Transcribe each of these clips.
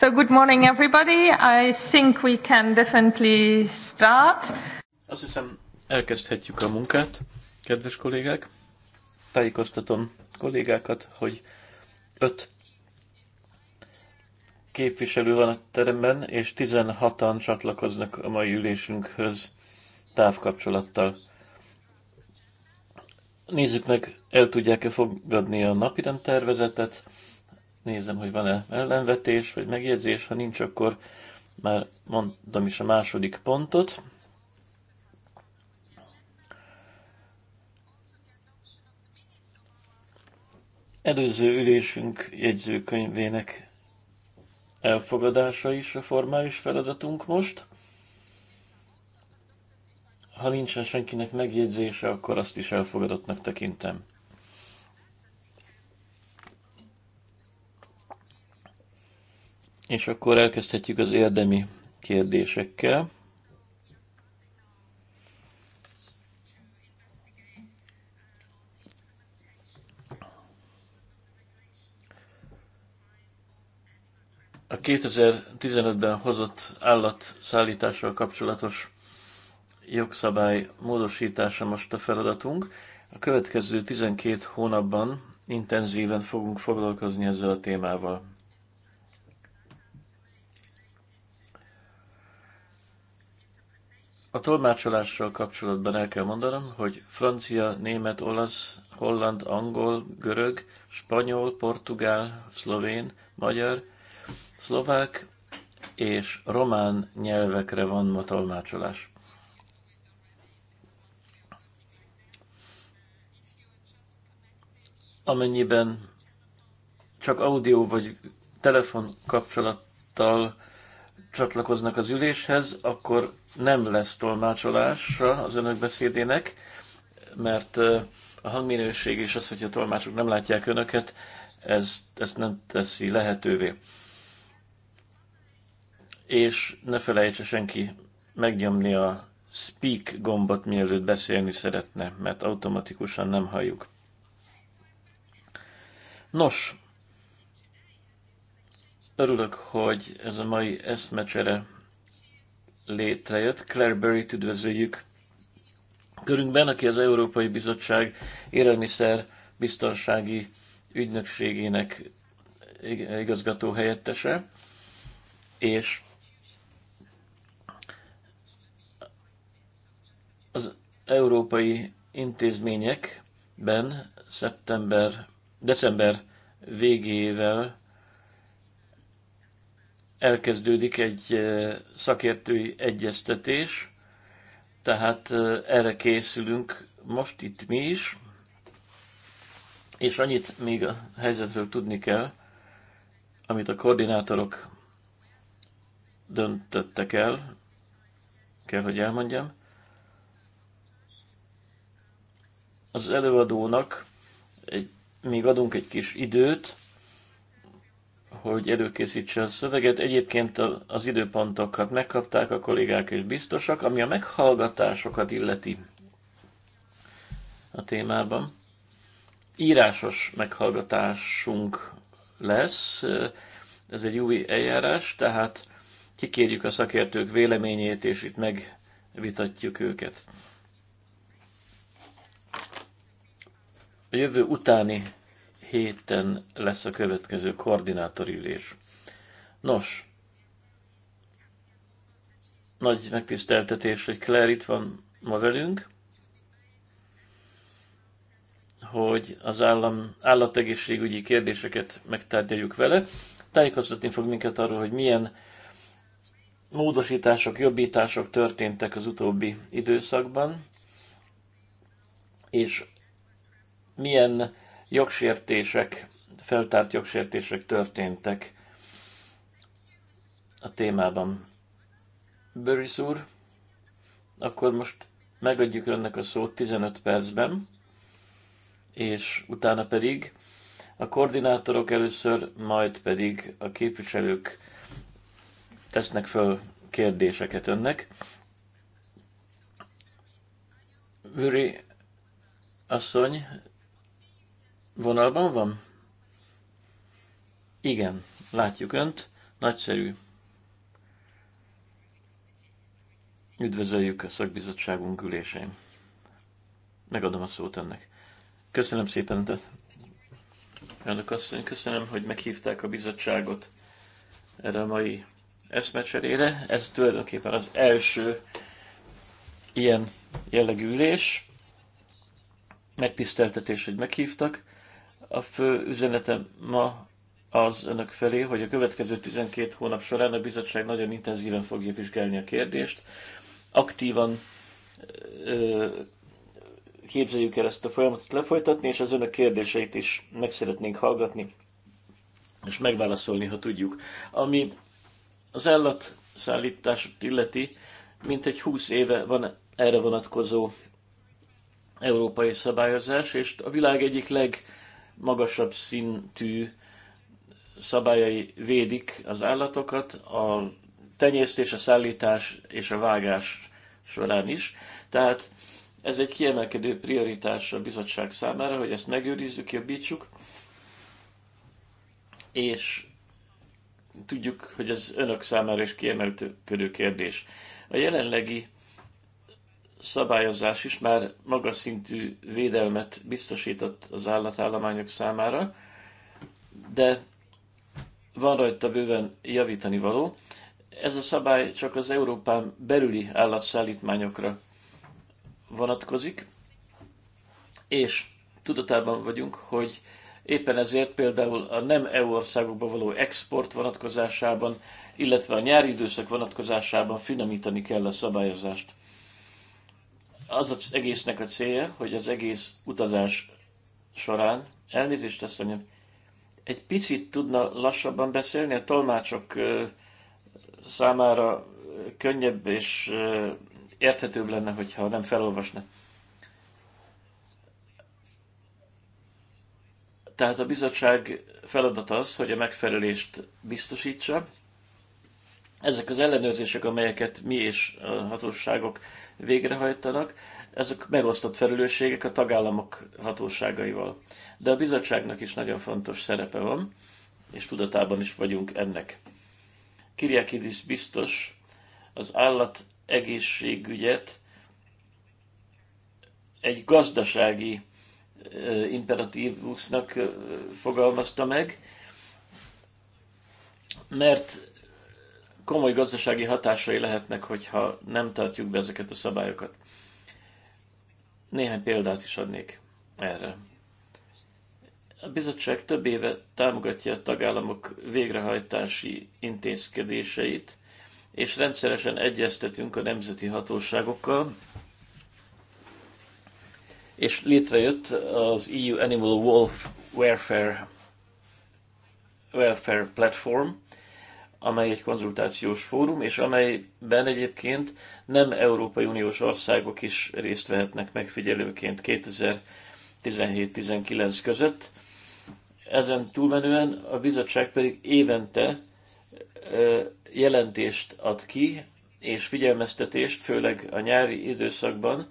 good morning everybody. I think we can definitely start. Azt hiszem elkezdhetjük a munkát, kedves kollégák. Tájékoztatom kollégákat, hogy öt képviselő van a teremben, és 16-an csatlakoznak a mai ülésünkhöz távkapcsolattal. Nézzük meg, el tudják-e fogadni a napirend tervezetet Nézem, hogy van-e ellenvetés, vagy megjegyzés. Ha nincs, akkor már mondtam is a második pontot. Előző ülésünk jegyzőkönyvének elfogadása is a formális feladatunk most. Ha nincsen senkinek megjegyzése, akkor azt is elfogadottnak tekintem. És akkor elkezdhetjük az érdemi kérdésekkel. A 2015-ben hozott állatszállítással kapcsolatos jogszabály módosítása most a feladatunk. A következő 12 hónapban intenzíven fogunk foglalkozni ezzel a témával. A tolmácsolással kapcsolatban el kell mondanom, hogy francia, német, olasz, holland, angol, görög, spanyol, portugál, szlovén, magyar, szlovák és román nyelvekre van ma tolmácsolás. Amennyiben csak audio vagy telefon kapcsolattal csatlakoznak az üléshez, akkor nem lesz tolmácsolása az önök beszédének, mert a hangminőség és az, hogy a tolmácsok nem látják önöket, ez, ezt nem teszi lehetővé. És ne felejtse senki megnyomni a speak gombot, mielőtt beszélni szeretne, mert automatikusan nem halljuk. Nos, örülök, hogy ez a mai eszmecsere létrejött. Claire Berry-t üdvözöljük körünkben, aki az Európai Bizottság élelmiszer biztonsági ügynökségének igazgató helyettese, és az európai intézményekben szeptember, december végével elkezdődik egy szakértői egyeztetés, tehát erre készülünk most itt mi is, és annyit még a helyzetről tudni kell, amit a koordinátorok döntöttek el, kell, hogy elmondjam. Az előadónak egy, még adunk egy kis időt, hogy előkészítse a szöveget. Egyébként az időpontokat megkapták a kollégák és biztosak, ami a meghallgatásokat illeti a témában. Írásos meghallgatásunk lesz, ez egy új eljárás, tehát kikérjük a szakértők véleményét, és itt megvitatjuk őket. A jövő utáni héten lesz a következő koordinátorülés. Nos, nagy megtiszteltetés, hogy Claire itt van ma velünk, hogy az állam, állategészségügyi kérdéseket megtárgyaljuk vele. Tájékoztatni fog minket arról, hogy milyen módosítások, jobbítások történtek az utóbbi időszakban, és milyen jogsértések, feltárt jogsértések történtek a témában. Böris úr, akkor most megadjuk önnek a szót 15 percben, és utána pedig a koordinátorok először, majd pedig a képviselők tesznek föl kérdéseket önnek. Vüri asszony, Vonalban van? Igen, látjuk Önt. Nagyszerű. Üdvözöljük a szakbizottságunk ülésén. Megadom a szót önnek. Köszönöm szépen, tehát elnök asszony, köszönöm, hogy meghívták a bizottságot erre a mai eszmecserére. Ez tulajdonképpen az első ilyen jellegű ülés. Megtiszteltetés, hogy meghívtak. A fő üzenetem ma az önök felé, hogy a következő 12 hónap során a bizottság nagyon intenzíven fogja vizsgálni a kérdést, aktívan ö, képzeljük el ezt a folyamatot lefolytatni, és az önök kérdéseit is meg szeretnénk hallgatni, és megválaszolni, ha tudjuk. Ami az állatszállítást illeti, egy 20 éve van erre vonatkozó európai szabályozás, és a világ egyik leg magasabb szintű szabályai védik az állatokat, a tenyésztés, a szállítás és a vágás során is. Tehát ez egy kiemelkedő prioritás a bizottság számára, hogy ezt megőrizzük, jobbítsuk, és tudjuk, hogy ez önök számára is kiemelkedő kérdés. A jelenlegi szabályozás is már magas szintű védelmet biztosított az állatállományok számára, de van rajta bőven javítani való. Ez a szabály csak az Európán belüli állatszállítmányokra vonatkozik, és tudatában vagyunk, hogy éppen ezért például a nem EU országokba való export vonatkozásában, illetve a nyári időszak vonatkozásában finomítani kell a szabályozást az az egésznek a célja, hogy az egész utazás során, elnézést teszem, egy picit tudna lassabban beszélni, a tolmácsok számára könnyebb és érthetőbb lenne, hogyha nem felolvasna. Tehát a bizottság feladata az, hogy a megfelelést biztosítsa. Ezek az ellenőrzések, amelyeket mi és a hatóságok végrehajtanak, ezek megosztott felelősségek a tagállamok hatóságaival. De a bizottságnak is nagyon fontos szerepe van, és tudatában is vagyunk ennek. Kiriakidis biztos az állat egészségügyet egy gazdasági imperatívusnak fogalmazta meg, mert komoly gazdasági hatásai lehetnek, hogyha nem tartjuk be ezeket a szabályokat. Néhány példát is adnék erre. A bizottság több éve támogatja a tagállamok végrehajtási intézkedéseit, és rendszeresen egyeztetünk a nemzeti hatóságokkal, és létrejött az EU Animal Wolf Welfare, Welfare Platform, amely egy konzultációs fórum, és amelyben egyébként nem Európai Uniós országok is részt vehetnek megfigyelőként 2017-19 között. Ezen túlmenően a bizottság pedig évente jelentést ad ki, és figyelmeztetést, főleg a nyári időszakban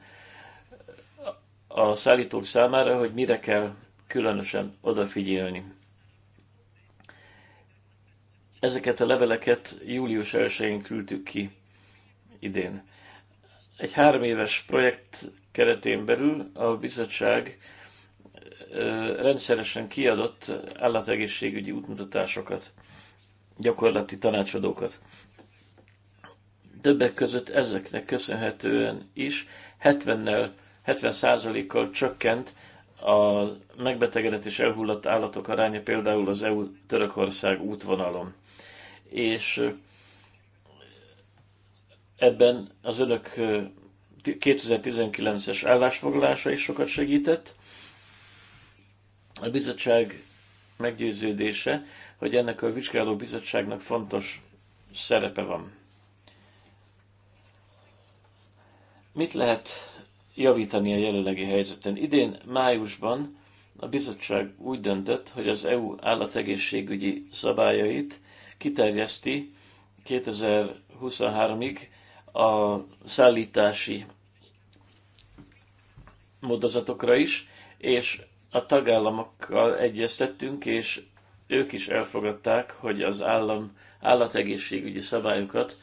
a szállítók számára, hogy mire kell különösen odafigyelni. Ezeket a leveleket július 1-én küldtük ki idén. Egy három éves projekt keretén belül a bizottság rendszeresen kiadott állategészségügyi útmutatásokat, gyakorlati tanácsadókat. Többek között ezeknek köszönhetően is 70-nel, 70%-kal csökkent a megbetegedett és elhullott állatok aránya például az EU-Törökország útvonalon és ebben az önök 2019-es állásfoglalása is sokat segített. A bizottság meggyőződése, hogy ennek a vizsgáló bizottságnak fontos szerepe van. Mit lehet javítani a jelenlegi helyzeten? Idén májusban a bizottság úgy döntött, hogy az EU állategészségügyi szabályait kiterjeszti 2023-ig a szállítási módozatokra is, és a tagállamokkal egyeztettünk, és ők is elfogadták, hogy az állam állategészségügyi szabályokat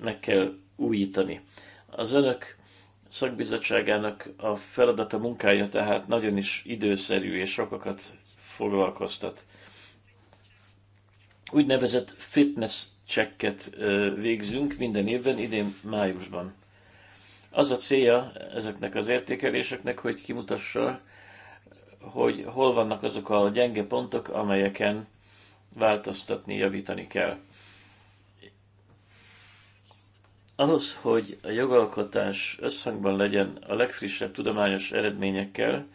meg kell újítani. Az önök szakbizottságának a feladata munkája tehát nagyon is időszerű és sokakat foglalkoztat úgynevezett fitness checket végzünk minden évben, idén májusban. Az a célja ezeknek az értékeléseknek, hogy kimutassa, hogy hol vannak azok a gyenge pontok, amelyeken változtatni, javítani kell. Ahhoz, hogy a jogalkotás összhangban legyen a legfrissebb tudományos eredményekkel,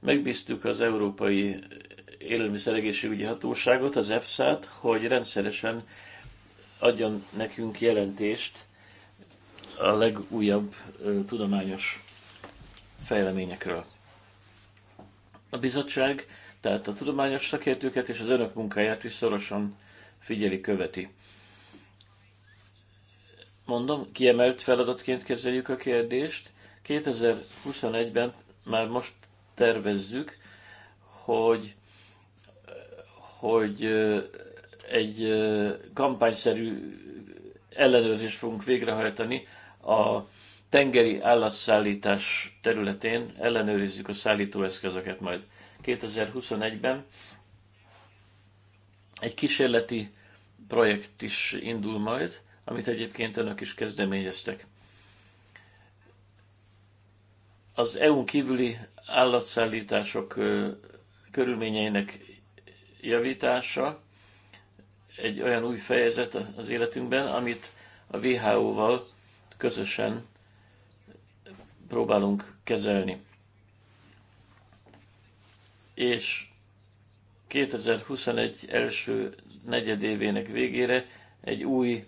megbíztuk az Európai egészségügyi Hatóságot, az EFSA-t, hogy rendszeresen adjon nekünk jelentést a legújabb tudományos fejleményekről. A bizottság tehát a tudományos szakértőket és az önök munkáját is szorosan figyeli, követi. Mondom, kiemelt feladatként kezeljük a kérdést. 2021-ben már most tervezzük, hogy hogy egy kampányszerű ellenőrzést fogunk végrehajtani a tengeri állatszállítás területén, ellenőrizzük a szállítóeszközöket majd 2021-ben. Egy kísérleti projekt is indul majd, amit egyébként önök is kezdeményeztek. Az EU-n kívüli állatszállítások körülményeinek javítása egy olyan új fejezet az életünkben, amit a WHO-val közösen próbálunk kezelni. És 2021 első negyedévének végére egy új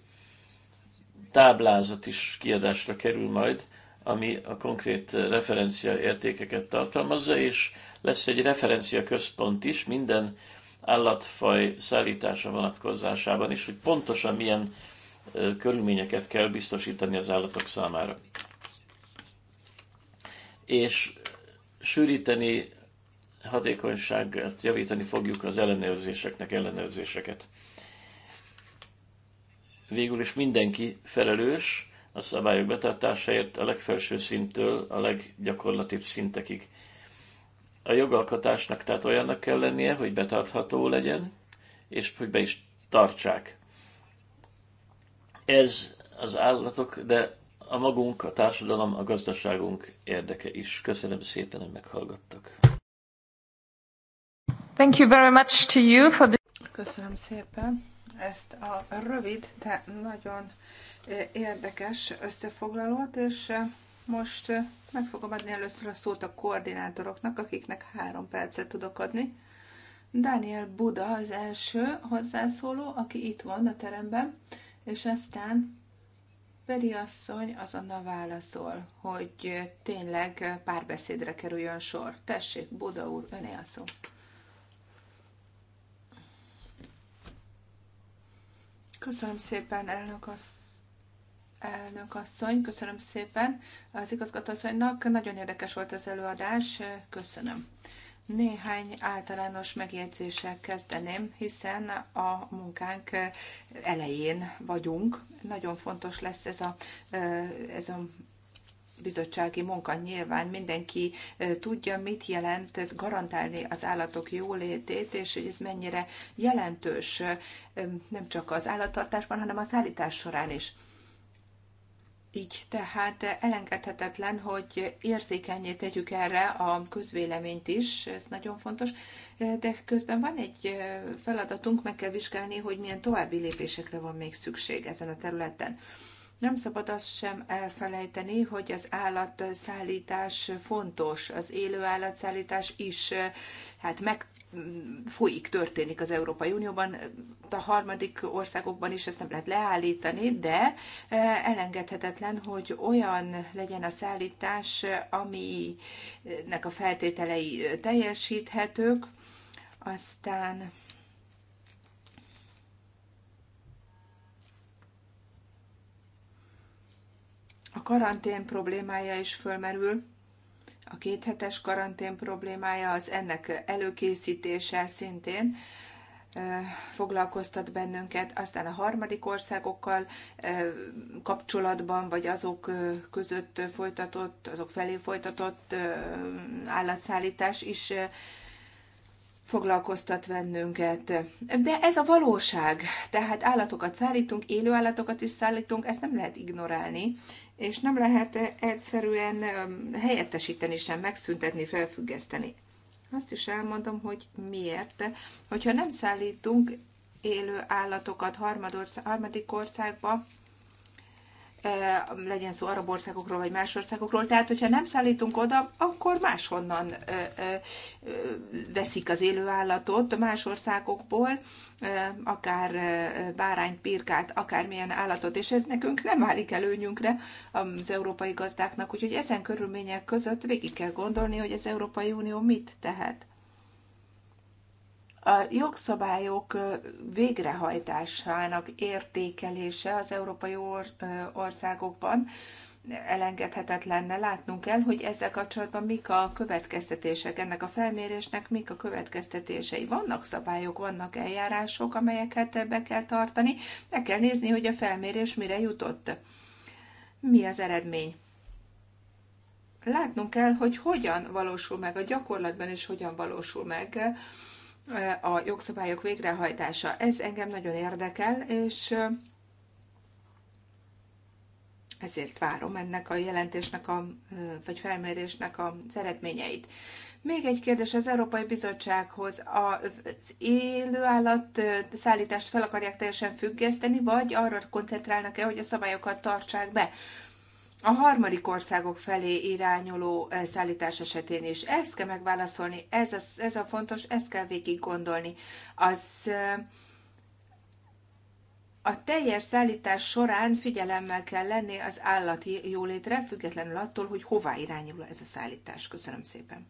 táblázat is kiadásra kerül majd, ami a konkrét referencia értékeket tartalmazza, és lesz egy referencia központ is minden állatfaj szállítása vonatkozásában is, hogy pontosan milyen körülményeket kell biztosítani az állatok számára. És sűríteni hatékonyságát, javítani fogjuk az ellenőrzéseknek ellenőrzéseket. Végül is mindenki felelős a szabályok betartásáért a legfelső szinttől a leggyakorlatibb szintekig a jogalkotásnak tehát olyannak kell lennie, hogy betartható legyen, és hogy be is tartsák. Ez az állatok, de a magunk, a társadalom, a gazdaságunk érdeke is. Köszönöm szépen, hogy meghallgattak. Thank you very much to you for the... Köszönöm szépen ezt a rövid, de nagyon eh, érdekes összefoglalót, és eh, most meg fogom adni először a szót a koordinátoroknak, akiknek három percet tudok adni. Daniel Buda az első hozzászóló, aki itt van a teremben, és aztán Peri asszony azonnal válaszol, hogy tényleg párbeszédre kerüljön sor. Tessék, Buda úr, öné a szó. Köszönöm szépen, elnök asszony. Elnök asszony, köszönöm szépen az igazgatóasszonynak. Nagyon érdekes volt az előadás, köszönöm. Néhány általános megjegyzéssel kezdeném, hiszen a munkánk elején vagyunk. Nagyon fontos lesz ez a, ez a bizottsági munka nyilván mindenki tudja, mit jelent garantálni az állatok jólétét, és hogy ez mennyire jelentős nem csak az állattartásban, hanem a szállítás során is. Így tehát elengedhetetlen, hogy érzékenyé tegyük erre a közvéleményt is, ez nagyon fontos, de közben van egy feladatunk, meg kell vizsgálni, hogy milyen további lépésekre van még szükség ezen a területen. Nem szabad azt sem elfelejteni, hogy az állatszállítás fontos, az élő állatszállítás is hát meg folyik, történik az Európai Unióban, a harmadik országokban is ezt nem lehet leállítani, de e, elengedhetetlen, hogy olyan legyen a szállítás, aminek a feltételei teljesíthetők, aztán a karantén problémája is fölmerül a kéthetes karantén problémája, az ennek előkészítése szintén foglalkoztat bennünket, aztán a harmadik országokkal kapcsolatban, vagy azok között folytatott, azok felé folytatott állatszállítás is foglalkoztat bennünket. De ez a valóság, tehát állatokat szállítunk, élő állatokat is szállítunk, ezt nem lehet ignorálni, és nem lehet egyszerűen um, helyettesíteni sem, megszüntetni, felfüggeszteni. Azt is elmondom, hogy miért. Hogyha nem szállítunk élő állatokat harmadik országba, Eh, legyen szó arab országokról vagy más országokról, tehát hogyha nem szállítunk oda, akkor máshonnan eh, eh, veszik az élőállatot, más országokból, akár bárányt, pirkát, akármilyen állatot, és ez nekünk nem válik előnyünkre az európai gazdáknak, úgyhogy ezen körülmények között végig kell gondolni, hogy az Európai Unió mit tehet. A jogszabályok végrehajtásának értékelése az európai országokban elengedhetetlen. Látnunk kell, hogy ezzel kapcsolatban mik a következtetések, ennek a felmérésnek mik a következtetései. Vannak szabályok, vannak eljárások, amelyeket be kell tartani, meg kell nézni, hogy a felmérés mire jutott. Mi az eredmény? Látnunk kell, hogy hogyan valósul meg a gyakorlatban, és hogyan valósul meg a jogszabályok végrehajtása. Ez engem nagyon érdekel, és ezért várom ennek a jelentésnek, a, vagy felmérésnek a eredményeit. Még egy kérdés az Európai Bizottsághoz. Az élőállat szállítást fel akarják teljesen függeszteni, vagy arra koncentrálnak-e, hogy a szabályokat tartsák be? a harmadik országok felé irányuló szállítás esetén is. Ezt kell megválaszolni, ez a, ez a fontos, ezt kell végig gondolni. Az a teljes szállítás során figyelemmel kell lenni az állati jólétre, függetlenül attól, hogy hová irányul ez a szállítás. Köszönöm szépen.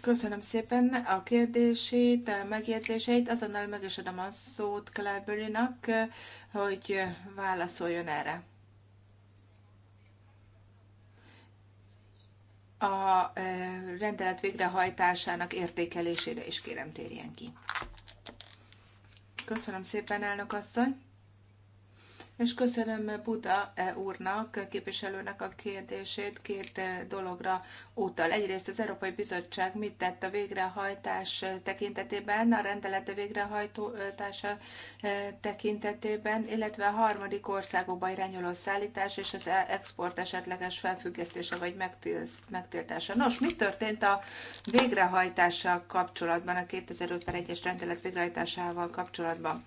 Köszönöm szépen a kérdését, a megjegyzéseit. Azonnal meg is adom a szót Claire hogy válaszoljon erre. a rendelet végrehajtásának értékelésére is kérem térjen ki. Köszönöm szépen, elnök asszony! és köszönöm Buda e úrnak, képviselőnek a kérdését két dologra utal. Egyrészt az Európai Bizottság mit tett a végrehajtás tekintetében, a rendelete végrehajtása e, tekintetében, illetve a harmadik országokba irányuló szállítás és az export esetleges felfüggesztése vagy megtiltása. Nos, mi történt a végrehajtással kapcsolatban, a 2051-es rendelet végrehajtásával kapcsolatban?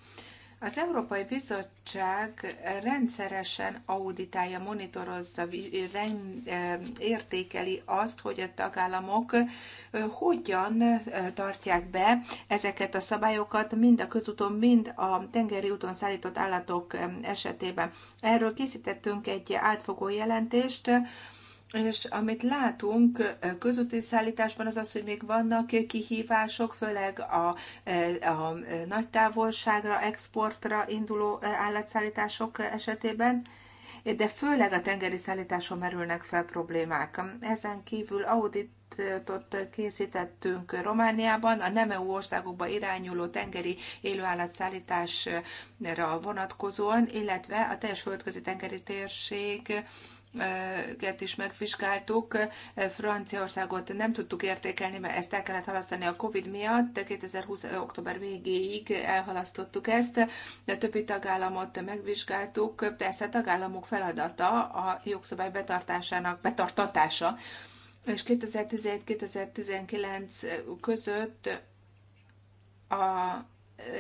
Az Európai Bizottság rendszeresen auditálja, monitorozza, eh, értékeli azt, hogy a tagállamok eh, hogyan eh, tartják be ezeket a szabályokat, mind a közúton, mind a tengeri úton szállított állatok esetében. Erről készítettünk egy átfogó jelentést, és amit látunk közúti szállításban az az, hogy még vannak kihívások, főleg a, a nagy távolságra, exportra induló állatszállítások esetében, de főleg a tengeri szállításon merülnek fel problémák. Ezen kívül audit ott készítettünk Romániában, a nem EU országokba irányuló tengeri élőállatszállításra vonatkozóan, illetve a teljes földközi tengeri térség is megvizsgáltuk. Franciaországot nem tudtuk értékelni, mert ezt el kellett halasztani a COVID miatt. 2020. október végéig elhalasztottuk ezt, de többi tagállamot megvizsgáltuk. Persze a tagállamok feladata a jogszabály betartásának betartatása, és 2017-2019 között a,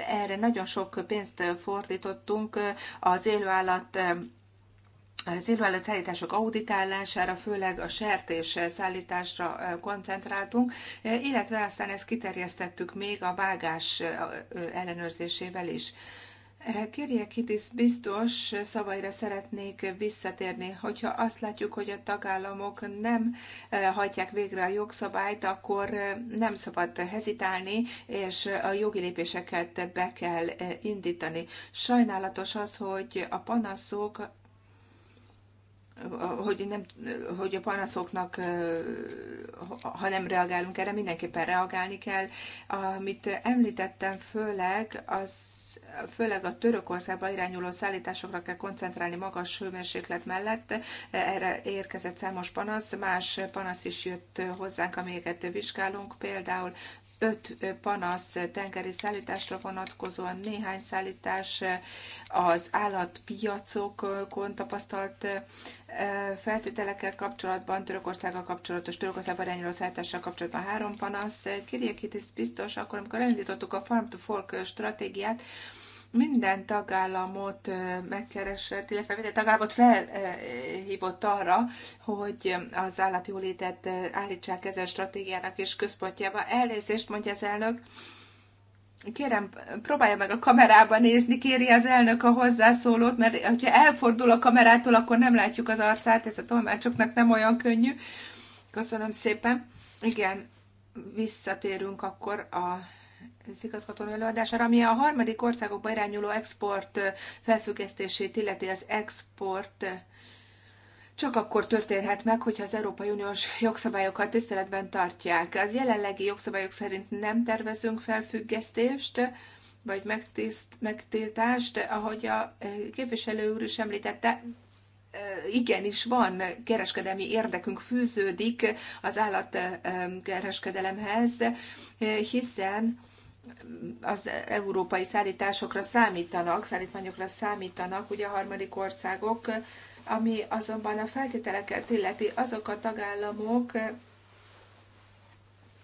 erre nagyon sok pénzt fordítottunk az élőállat az élőállatszállítások auditálására, főleg a sertés szállításra koncentráltunk, illetve aztán ezt kiterjesztettük még a vágás ellenőrzésével is. Kitis, biztos szavaira szeretnék visszatérni, hogyha azt látjuk, hogy a tagállamok nem hajtják végre a jogszabályt, akkor nem szabad hezitálni, és a jogi lépéseket be kell indítani. Sajnálatos az, hogy a panaszok hogy, nem, hogy a panaszoknak, ha nem reagálunk erre, mindenképpen reagálni kell. Amit említettem, főleg az főleg a Törökországba irányuló szállításokra kell koncentrálni magas hőmérséklet mellett. Erre érkezett számos panasz, más panasz is jött hozzánk, amelyeket vizsgálunk, például öt panasz tengeri szállításra vonatkozóan, néhány szállítás az állatpiacokon tapasztalt eh, feltételekkel kapcsolatban, Törökországgal kapcsolatos, Törökország irányuló szállítással kapcsolatban három panasz. ez biztos, akkor amikor elindítottuk a Farm to Fork stratégiát, minden tagállamot megkeresett, illetve minden tagállamot felhívott arra, hogy az állatjólétet állítsák ezen stratégiának és központjába. Elnézést, mondja az elnök. Kérem, próbálja meg a kamerába nézni, kéri az elnök a hozzászólót, mert ha elfordul a kamerától, akkor nem látjuk az arcát, ez a tolmácsoknak nem olyan könnyű. Köszönöm szépen. Igen, visszatérünk akkor a az igazgatónő előadására, ami a harmadik országokba irányuló export felfüggesztését illeti az export csak akkor történhet meg, hogyha az Európai Uniós jogszabályokat tiszteletben tartják. Az jelenlegi jogszabályok szerint nem tervezünk felfüggesztést, vagy megtiszt, megtiltást, ahogy a képviselő úr is említette, igenis van kereskedelmi érdekünk fűződik az állatkereskedelemhez, hiszen az európai szállításokra számítanak, szállítmányokra számítanak, ugye a harmadik országok, ami azonban a feltételeket illeti azok a tagállamok,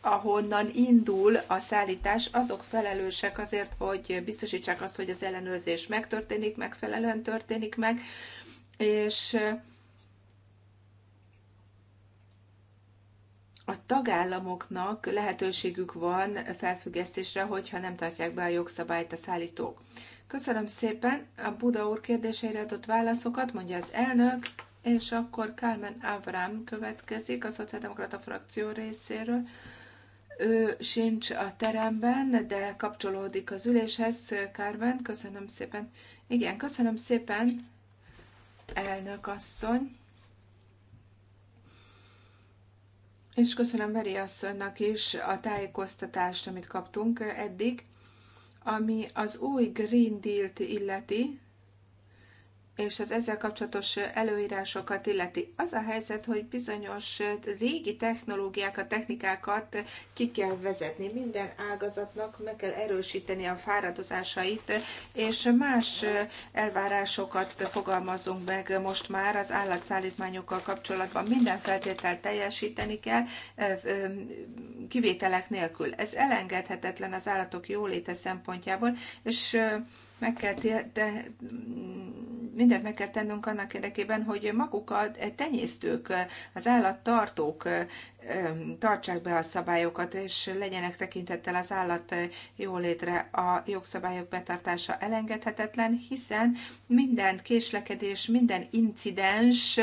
ahonnan indul a szállítás, azok felelősek azért, hogy biztosítsák azt, hogy az ellenőrzés megtörténik, megfelelően történik meg, és a tagállamoknak lehetőségük van felfüggesztésre, hogyha nem tartják be a jogszabályt a szállítók. Köszönöm szépen a Buda úr kérdéseire adott válaszokat, mondja az elnök, és akkor Carmen Avram következik a Szociáldemokrata frakció részéről. Ő sincs a teremben, de kapcsolódik az üléshez. Carmen, köszönöm szépen. Igen, köszönöm szépen, elnök asszony. És köszönöm Veri asszonynak is a tájékoztatást, amit kaptunk eddig, ami az új Green Deal-t illeti, és az ezzel kapcsolatos előírásokat illeti. Az a helyzet, hogy bizonyos régi technológiákat, technikákat ki kell vezetni. Minden ágazatnak meg kell erősíteni a fáradozásait, és más elvárásokat fogalmazunk meg most már az állatszállítmányokkal kapcsolatban. Minden feltételt teljesíteni kell, kivételek nélkül. Ez elengedhetetlen az állatok jóléte szempontjából, és meg kell de mindent meg kell tennünk annak érdekében, hogy maguk a tenyésztők, az állattartók tartsák be a szabályokat, és legyenek tekintettel az állat jólétre. A jogszabályok betartása elengedhetetlen, hiszen minden késlekedés, minden incidens,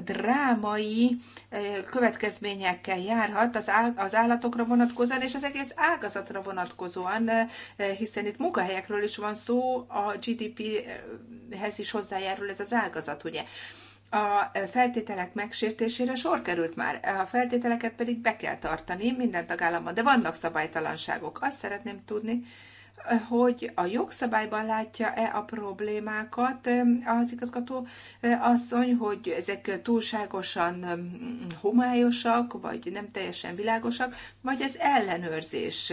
drámai következményekkel járhat az állatokra vonatkozóan és az egész ágazatra vonatkozóan, hiszen itt munkahelyekről is van szó, a GDP-hez is hozzájárul ez az ágazat, ugye? A feltételek megsértésére sor került már, a feltételeket pedig be kell tartani minden tagállamban, de vannak szabálytalanságok. Azt szeretném tudni, hogy a jogszabályban látja-e a problémákat az igazgató asszony, hogy ezek túlságosan homályosak, vagy nem teljesen világosak, vagy ez ellenőrzés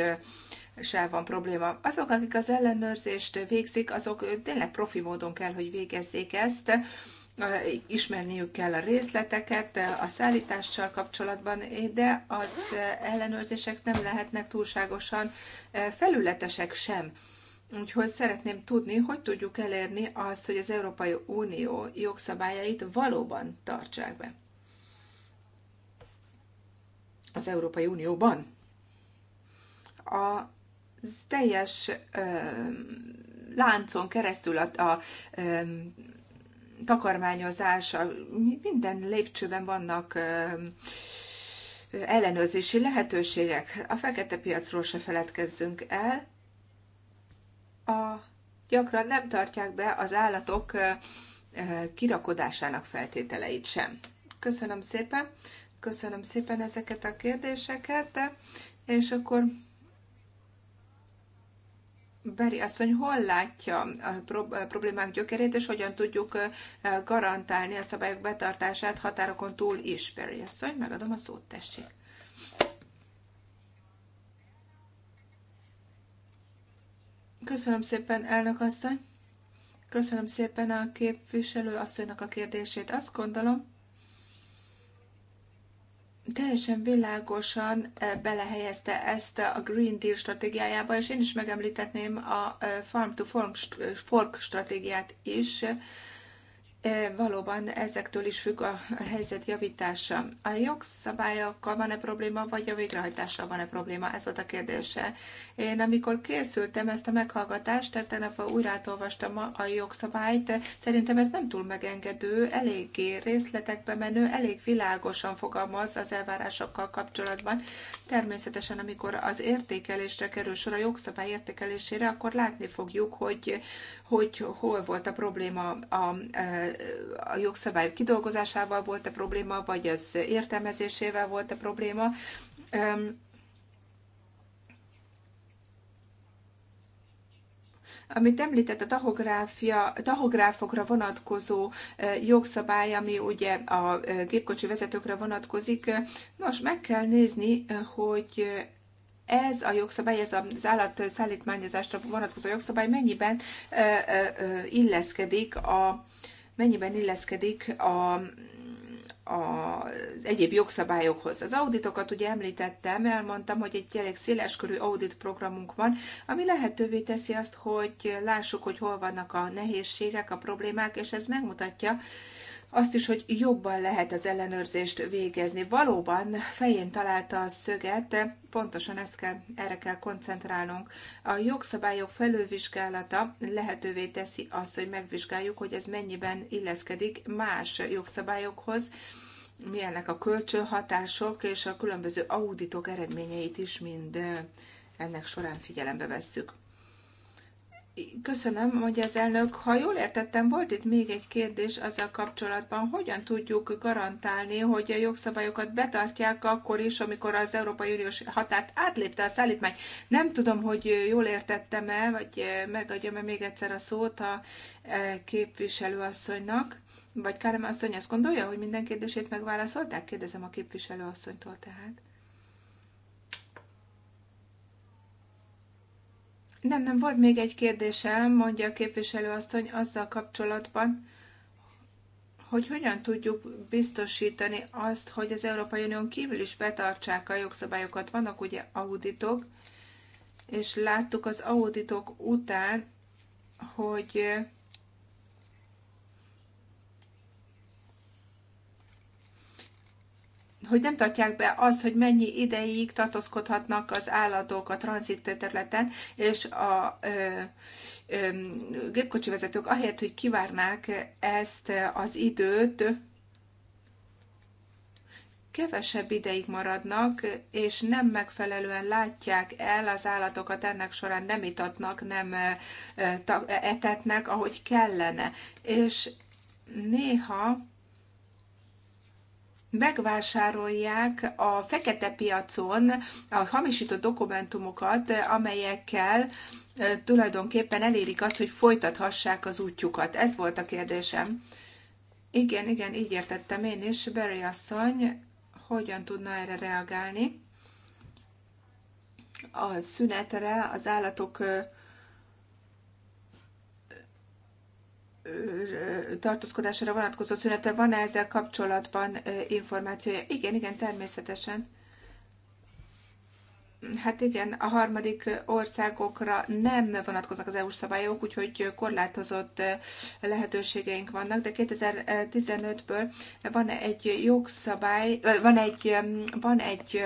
sem van probléma. Azok, akik az ellenőrzést végzik, azok tényleg profi módon kell, hogy végezzék ezt, ismerniük kell a részleteket eh, a szállítással kapcsolatban, eh, de az eh, ellenőrzések nem lehetnek túlságosan felületesek sem. Úgyhogy szeretném tudni, hogy tudjuk elérni azt, hogy az Európai Unió jogszabályait valóban tartsák be. Az Európai Unióban. A teljes ö, láncon keresztül a, a ö, takarmányozása, minden lépcsőben vannak ellenőrzési lehetőségek. A fekete piacról se feledkezzünk el. A, gyakran nem tartják be az állatok kirakodásának feltételeit sem. Köszönöm szépen, köszönöm szépen ezeket a kérdéseket, és akkor Beri asszony hol látja a problémák gyökerét, és hogyan tudjuk garantálni a szabályok betartását határokon túl is. Beri asszony, megadom a szót, tessék. Köszönöm szépen, elnök asszony. Köszönöm szépen a képviselő asszonynak a kérdését. Azt gondolom, teljesen világosan eh, belehelyezte ezt a Green Deal stratégiájába, és én is megemlítetném a eh, Farm to Fork eh, stratégiát is, E, valóban ezektől is függ a helyzet javítása. A jogszabályokkal van-e probléma, vagy a végrehajtással van-e probléma? Ez volt a kérdése. Én amikor készültem ezt a meghallgatást, tehát tegnap újra átolvastam a jogszabályt, szerintem ez nem túl megengedő, eléggé részletekbe menő, elég világosan fogalmaz az elvárásokkal kapcsolatban. Természetesen, amikor az értékelésre kerül sor a jogszabály értékelésére, akkor látni fogjuk, hogy, hogy hol volt a probléma a a jogszabályok kidolgozásával volt a probléma, vagy az értelmezésével volt a probléma. amit említett, a tahográfia, tahográfokra vonatkozó jogszabály, ami ugye a gépkocsi vezetőkre vonatkozik. Nos, meg kell nézni, hogy ez a jogszabály, ez az állatszállítmányozásra vonatkozó jogszabály mennyiben illeszkedik a mennyiben illeszkedik a, a, az egyéb jogszabályokhoz. Az auditokat ugye említettem, elmondtam, hogy egy elég széleskörű audit programunk van, ami lehetővé teszi azt, hogy lássuk, hogy hol vannak a nehézségek, a problémák, és ez megmutatja, azt is, hogy jobban lehet az ellenőrzést végezni. Valóban fején találta a szöget, pontosan ezt kell, erre kell koncentrálnunk. A jogszabályok felülvizsgálata lehetővé teszi azt, hogy megvizsgáljuk, hogy ez mennyiben illeszkedik más jogszabályokhoz, milyennek a kölcsönhatások és a különböző auditok eredményeit is mind ennek során figyelembe vesszük. Köszönöm, hogy az elnök. Ha jól értettem, volt itt még egy kérdés azzal kapcsolatban, hogyan tudjuk garantálni, hogy a jogszabályokat betartják akkor is, amikor az Európai Uniós határt átlépte a szállítmány. Nem tudom, hogy jól értettem-e, vagy megadjam-e még egyszer a szót a e, képviselőasszonynak. Vagy Kárem asszony azt gondolja, hogy minden kérdését megválaszolták? Kérdezem a képviselőasszonytól tehát. Nem, nem, volt még egy kérdésem, mondja a képviselőasszony azzal kapcsolatban, hogy hogyan tudjuk biztosítani azt, hogy az Európai Unión kívül is betartsák a jogszabályokat. Vannak ugye auditok, és láttuk az auditok után, hogy hogy nem tartják be azt, hogy mennyi ideig tartózkodhatnak az állatok a tranzit területen, és a gépkocsi vezetők ahelyett, hogy kivárnák ezt az időt, kevesebb ideig maradnak, és nem megfelelően látják el az állatokat, ennek során nem itatnak, nem etetnek, ahogy kellene. És néha megvásárolják a fekete piacon a hamisított dokumentumokat, amelyekkel tulajdonképpen elérik azt, hogy folytathassák az útjukat. Ez volt a kérdésem. Igen, igen, így értettem én is. Barry asszony, hogyan tudna erre reagálni? A szünetre, az állatok tartózkodásra vonatkozó szünete. Van-e ezzel kapcsolatban információja? Igen, igen, természetesen. Hát igen, a harmadik országokra nem vonatkoznak az EU-s szabályok, úgyhogy korlátozott lehetőségeink vannak, de 2015-ből van egy jogszabály, van egy, van egy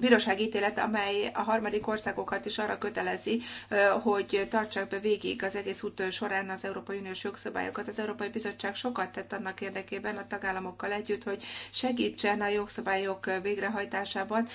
bíróságítélet, amely a harmadik országokat is arra kötelezi, hogy tartsák be végig az egész út során az Európai Uniós jogszabályokat. Az Európai Bizottság sokat tett annak érdekében a tagállamokkal együtt, hogy segítsen a jogszabályok végrehajtásában.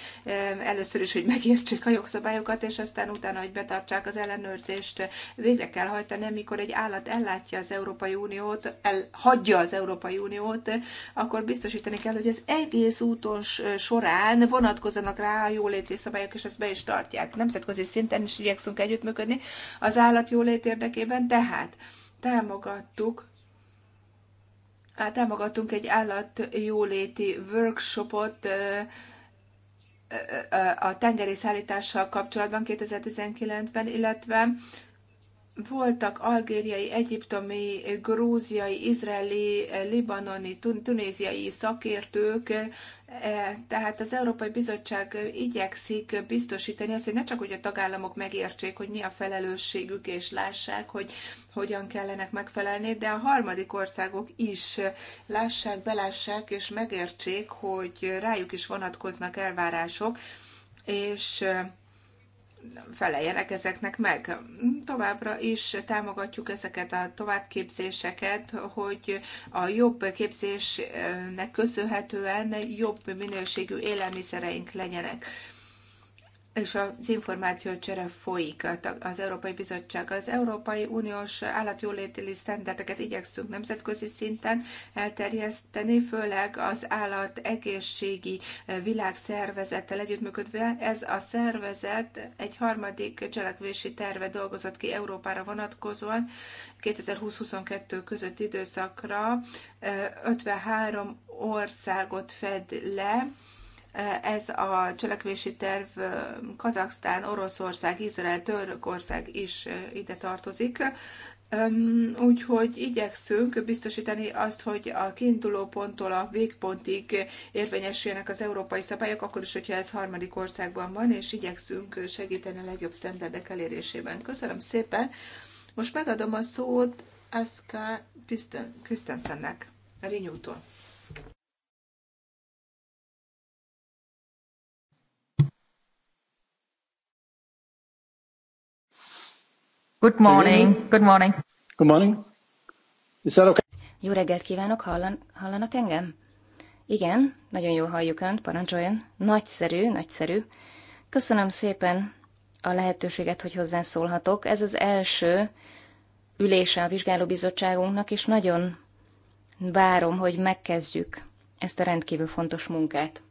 Először is, hogy megértsék a jogszabályokat, és aztán utána, hogy betartsák az ellenőrzést, végre kell hajtani, amikor egy állat ellátja az Európai Uniót, el, hagyja az Európai Uniót, akkor biztosítani kell, hogy az egész úton során vonatkozanak rá a jóléti szabályok, és ezt be is tartják. Nemzetközi szinten is igyekszünk együttműködni az állat jólét érdekében, tehát támogattuk támogattunk egy állat jóléti workshopot a tengeri szállítással kapcsolatban 2019-ben, illetve voltak algériai, egyiptomi, grúziai, izraeli, libanoni, tunéziai szakértők, e, tehát az Európai Bizottság igyekszik biztosítani azt, hogy ne csak hogy a tagállamok megértsék, hogy mi a felelősségük, és lássák, hogy hogyan kellenek megfelelni, de a harmadik országok is lássák, belássák, és megértsék, hogy rájuk is vonatkoznak elvárások, és feleljenek ezeknek meg. Továbbra is támogatjuk ezeket a továbbképzéseket, hogy a jobb képzésnek köszönhetően jobb minőségű élelmiszereink legyenek és az információcsere folyik az Európai Bizottság. Az Európai Uniós állatjóléti sztenderdeket igyekszünk nemzetközi szinten elterjeszteni, főleg az állat egészségi világszervezettel együttműködve. Ez a szervezet egy harmadik cselekvési terve dolgozott ki Európára vonatkozóan 2020-22 között időszakra 53 országot fed le, ez a cselekvési terv Kazaksztán, Oroszország, Izrael, Törökország is ide tartozik. Úgyhogy igyekszünk biztosítani azt, hogy a kiinduló ponttól a végpontig érvényesüljenek az európai szabályok, akkor is, hogyha ez harmadik országban van, és igyekszünk segíteni a legjobb sztenderdek elérésében. Köszönöm szépen! Most megadom a szót Aszka Christensennek, a Rinyútól. Good morning. Good morning. Good morning. Is that okay? Jó reggelt kívánok, hallan, hallanak engem? Igen, nagyon jól halljuk Önt, parancsoljon. Nagyszerű, nagyszerű. Köszönöm szépen a lehetőséget, hogy hozzászólhatok. Ez az első ülése a vizsgálóbizottságunknak, és nagyon várom, hogy megkezdjük ezt a rendkívül fontos munkát.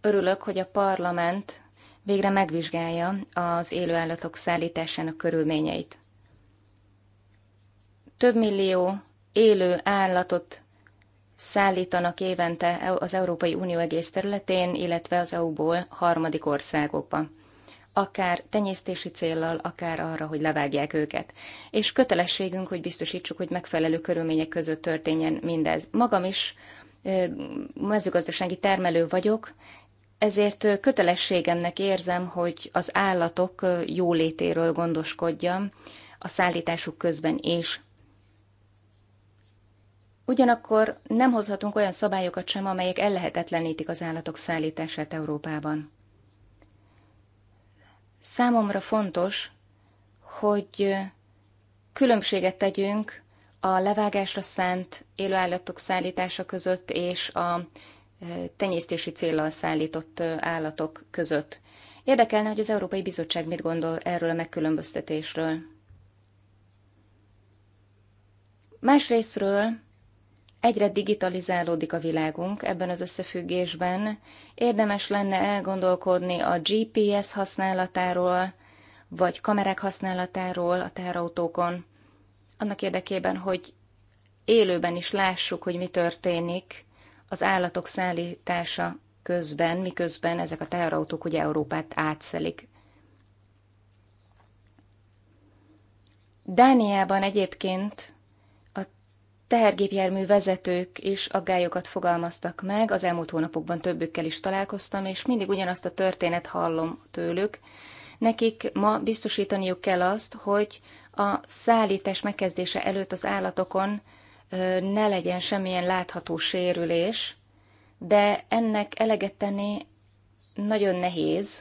Örülök, hogy a parlament végre megvizsgálja az élőállatok szállításának körülményeit. Több millió élő állatot szállítanak évente az Európai Unió egész területén, illetve az EU-ból harmadik országokba. Akár tenyésztési céllal, akár arra, hogy levágják őket. És kötelességünk, hogy biztosítsuk, hogy megfelelő körülmények között történjen mindez. Magam is mezőgazdasági termelő vagyok, ezért kötelességemnek érzem, hogy az állatok jólétéről gondoskodjam a szállításuk közben is. Ugyanakkor nem hozhatunk olyan szabályokat sem, amelyek ellehetetlenítik az állatok szállítását Európában. Számomra fontos, hogy különbséget tegyünk a levágásra szánt élőállatok szállítása között és a tenyésztési célral szállított állatok között. Érdekelne, hogy az Európai Bizottság mit gondol erről a megkülönböztetésről. Másrésztről egyre digitalizálódik a világunk ebben az összefüggésben. Érdemes lenne elgondolkodni a GPS használatáról, vagy kamerák használatáról a teherautókon, annak érdekében, hogy élőben is lássuk, hogy mi történik az állatok szállítása közben, miközben ezek a teherautók ugye Európát átszelik. Dániában egyébként a tehergépjármű vezetők is aggályokat fogalmaztak meg, az elmúlt hónapokban többükkel is találkoztam, és mindig ugyanazt a történet hallom tőlük. Nekik ma biztosítaniuk kell azt, hogy a szállítás megkezdése előtt az állatokon ne legyen semmilyen látható sérülés, de ennek eleget tenni nagyon nehéz,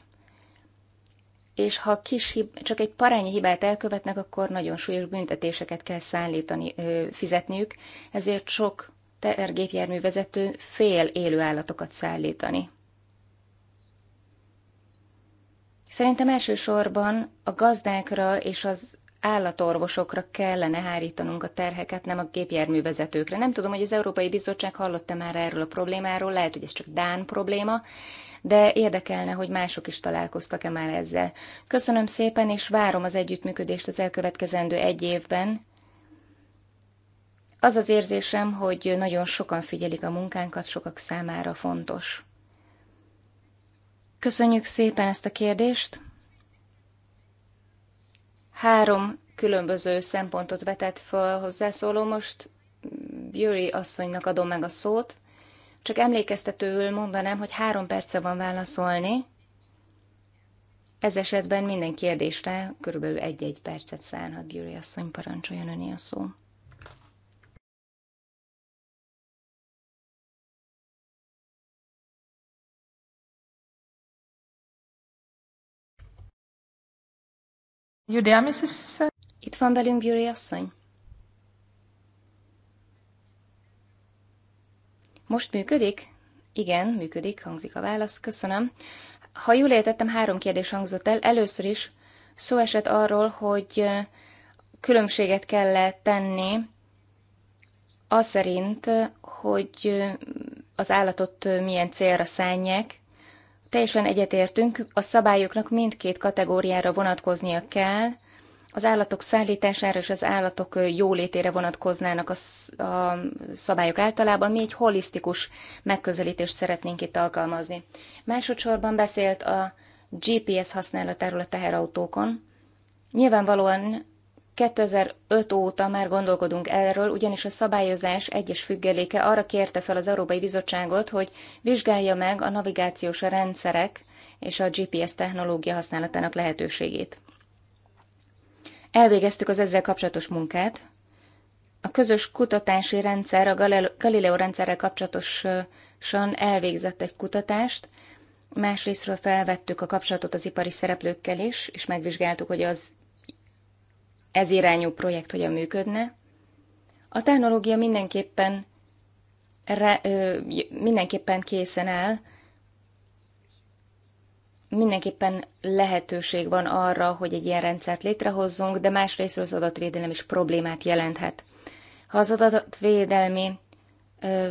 és ha kis hib, csak egy parányi hibát elkövetnek, akkor nagyon súlyos büntetéseket kell szállítani, fizetniük, ezért sok tergépjárművezető fél élő állatokat szállítani. Szerintem elsősorban a gazdákra és az állatorvosokra kellene hárítanunk a terheket, nem a gépjárművezetőkre. Nem tudom, hogy az Európai Bizottság hallotta már erről a problémáról, lehet, hogy ez csak Dán probléma, de érdekelne, hogy mások is találkoztak-e már ezzel. Köszönöm szépen, és várom az együttműködést az elkövetkezendő egy évben. Az az érzésem, hogy nagyon sokan figyelik a munkánkat, sokak számára fontos. Köszönjük szépen ezt a kérdést! Három különböző szempontot vetett fel hozzászóló most. Gyuri asszonynak adom meg a szót. Csak emlékeztetőül mondanám, hogy három perce van válaszolni. Ez esetben minden kérdésre körülbelül egy-egy percet szállhat. Gyuri asszony, parancsoljon öné a szó. Judea, Mrs. Itt van velünk Gyuri asszony. Most működik? Igen, működik, hangzik a válasz, köszönöm. Ha jól értettem, három kérdés hangzott el. Először is szó esett arról, hogy különbséget kell -e tenni az szerint, hogy az állatot milyen célra szánják, Teljesen egyetértünk, a szabályoknak mindkét kategóriára vonatkoznia kell, az állatok szállítására és az állatok jólétére vonatkoznának a, szabályok általában, mi egy holisztikus megközelítést szeretnénk itt alkalmazni. Másodszorban beszélt a GPS használatáról a teherautókon. Nyilvánvalóan 2005 óta már gondolkodunk erről, ugyanis a szabályozás egyes függeléke arra kérte fel az Európai Bizottságot, hogy vizsgálja meg a navigációs rendszerek és a GPS technológia használatának lehetőségét. Elvégeztük az ezzel kapcsolatos munkát. A közös kutatási rendszer a Galileo rendszerrel kapcsolatosan elvégzett egy kutatást, másrésztről felvettük a kapcsolatot az ipari szereplőkkel is, és megvizsgáltuk, hogy az ez irányú projekt hogyan működne. A technológia mindenképpen, re, ö, mindenképpen készen áll, mindenképpen lehetőség van arra, hogy egy ilyen rendszert létrehozzunk, de másrészt az adatvédelem is problémát jelenthet. Ha az adatvédelmi ö,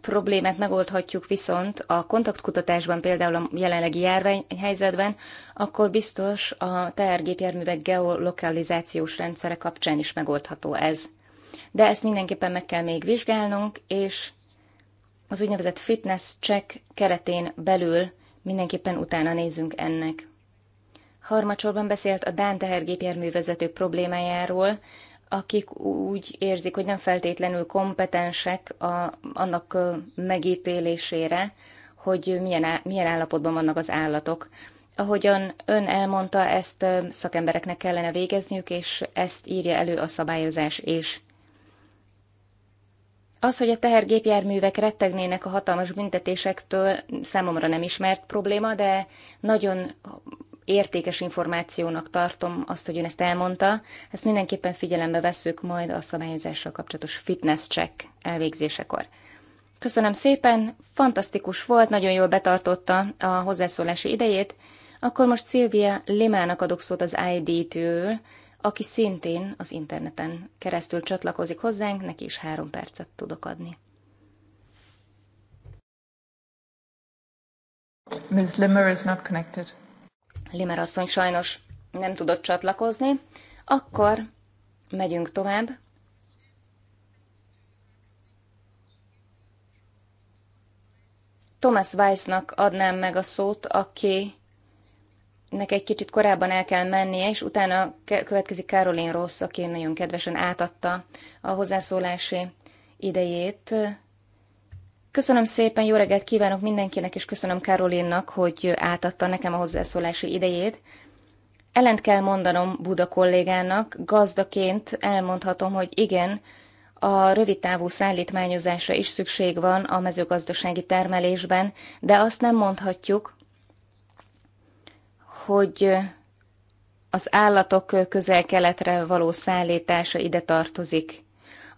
problémát megoldhatjuk viszont a kontaktkutatásban, például a jelenlegi járványhelyzetben, akkor biztos a tehergépjárművek geolokalizációs rendszere kapcsán is megoldható ez. De ezt mindenképpen meg kell még vizsgálnunk, és az úgynevezett fitness check keretén belül mindenképpen utána nézünk ennek. Harmadsorban beszélt a Dán tehergépjárművezetők problémájáról, akik úgy érzik, hogy nem feltétlenül kompetensek a, annak megítélésére, hogy milyen, á, milyen állapotban vannak az állatok. Ahogyan ön elmondta, ezt szakembereknek kellene végezniük, és ezt írja elő a szabályozás is. Az, hogy a tehergépjárművek rettegnének a hatalmas büntetésektől, számomra nem ismert probléma, de nagyon értékes információnak tartom azt, hogy ön ezt elmondta. Ezt mindenképpen figyelembe veszük majd a szabályozással kapcsolatos fitness check elvégzésekor. Köszönöm szépen, fantasztikus volt, nagyon jól betartotta a hozzászólási idejét. Akkor most Szilvia Limának adok szót az ID-től, aki szintén az interneten keresztül csatlakozik hozzánk, neki is három percet tudok adni. Ms. Limmer is not connected. Limer asszony sajnos nem tudott csatlakozni, akkor megyünk tovább. Thomas Weissnak adnám meg a szót, aki nek egy kicsit korábban el kell mennie, és utána következik Caroline Ross, aki nagyon kedvesen átadta a hozzászólási idejét Köszönöm szépen, jó reggelt kívánok mindenkinek, és köszönöm Karolinnak, hogy átadta nekem a hozzászólási idejét. Ellent kell mondanom Buda kollégának, gazdaként elmondhatom, hogy igen, a rövidtávú szállítmányozásra is szükség van a mezőgazdasági termelésben, de azt nem mondhatjuk, hogy az állatok közel-keletre való szállítása ide tartozik.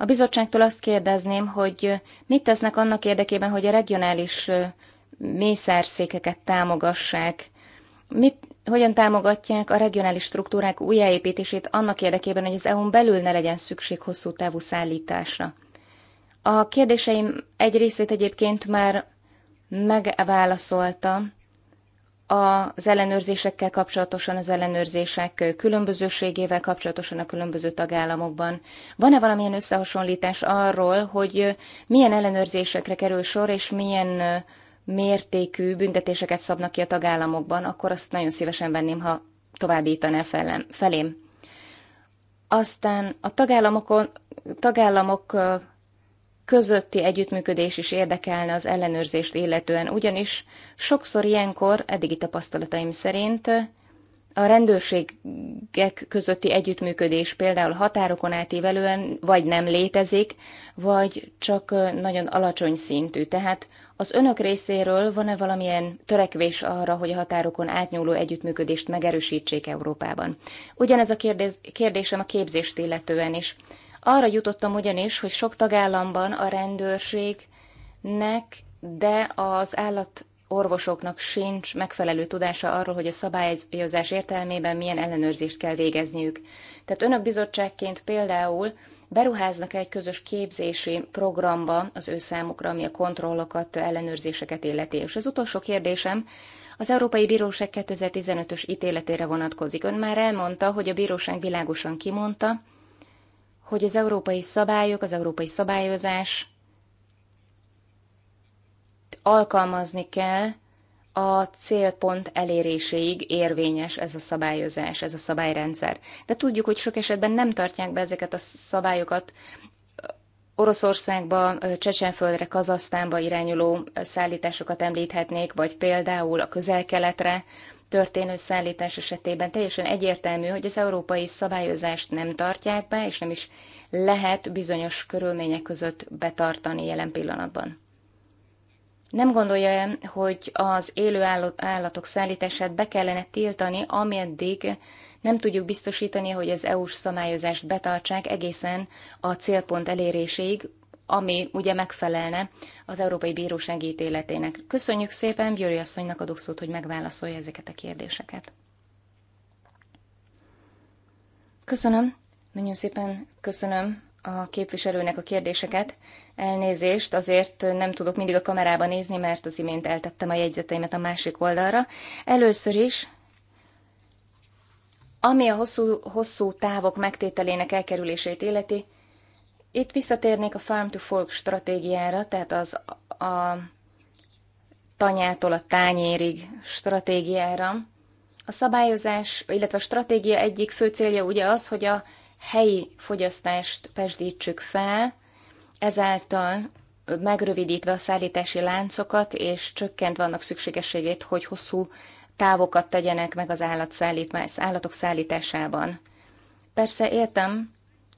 A bizottságtól azt kérdezném, hogy mit tesznek annak érdekében, hogy a regionális mészárszékeket támogassák, mit, hogyan támogatják a regionális struktúrák újjáépítését annak érdekében, hogy az EU-n belül ne legyen szükség hosszú távú szállításra. A kérdéseim egy részét egyébként már megválaszolta az ellenőrzésekkel kapcsolatosan, az ellenőrzések különbözőségével kapcsolatosan a különböző tagállamokban. Van-e valamilyen összehasonlítás arról, hogy milyen ellenőrzésekre kerül sor, és milyen mértékű büntetéseket szabnak ki a tagállamokban, akkor azt nagyon szívesen venném, ha továbbítaná felem, felém. Aztán a tagállamokon, tagállamok közötti együttműködés is érdekelne az ellenőrzést illetően, ugyanis sokszor ilyenkor, eddigi tapasztalataim szerint, a rendőrségek közötti együttműködés például határokon átívelően vagy nem létezik, vagy csak nagyon alacsony szintű. Tehát az önök részéről van-e valamilyen törekvés arra, hogy a határokon átnyúló együttműködést megerősítsék Európában? Ugyanez a kérdés, kérdésem a képzést illetően is. Arra jutottam ugyanis, hogy sok tagállamban a rendőrségnek, de az állat orvosoknak sincs megfelelő tudása arról, hogy a szabályozás értelmében milyen ellenőrzést kell végezniük. Tehát önök bizottságként például beruháznak egy közös képzési programba az ő számukra, ami a kontrollokat, ellenőrzéseket illeti. És az utolsó kérdésem, az Európai Bíróság 2015-ös ítéletére vonatkozik. Ön már elmondta, hogy a bíróság világosan kimondta, hogy az európai szabályok, az európai szabályozás alkalmazni kell a célpont eléréséig érvényes ez a szabályozás, ez a szabályrendszer. De tudjuk, hogy sok esetben nem tartják be ezeket a szabályokat, Oroszországba, Csecsenföldre, Kazasztánba irányuló szállításokat említhetnék, vagy például a közel-keletre, történő szállítás esetében teljesen egyértelmű, hogy az európai szabályozást nem tartják be, és nem is lehet bizonyos körülmények között betartani jelen pillanatban. Nem gondolja -e, hogy az élő állatok szállítását be kellene tiltani, ameddig nem tudjuk biztosítani, hogy az EU-s szabályozást betartsák egészen a célpont eléréséig, ami ugye megfelelne az Európai Bíróság ítéletének. Köszönjük szépen, Győri asszonynak adok szót, hogy megválaszolja ezeket a kérdéseket. Köszönöm, nagyon szépen köszönöm a képviselőnek a kérdéseket. Elnézést, azért nem tudok mindig a kamerába nézni, mert az imént eltettem a jegyzeteimet a másik oldalra. Először is, ami a hosszú, hosszú távok megtételének elkerülését illeti, itt visszatérnék a Farm to Fork stratégiára, tehát az a tanyától a tányérig stratégiára. A szabályozás, illetve a stratégia egyik fő célja ugye az, hogy a helyi fogyasztást pesdítsük fel, ezáltal megrövidítve a szállítási láncokat, és csökkent vannak szükségességét, hogy hosszú távokat tegyenek meg az állatszállítás, állatok szállításában. Persze értem,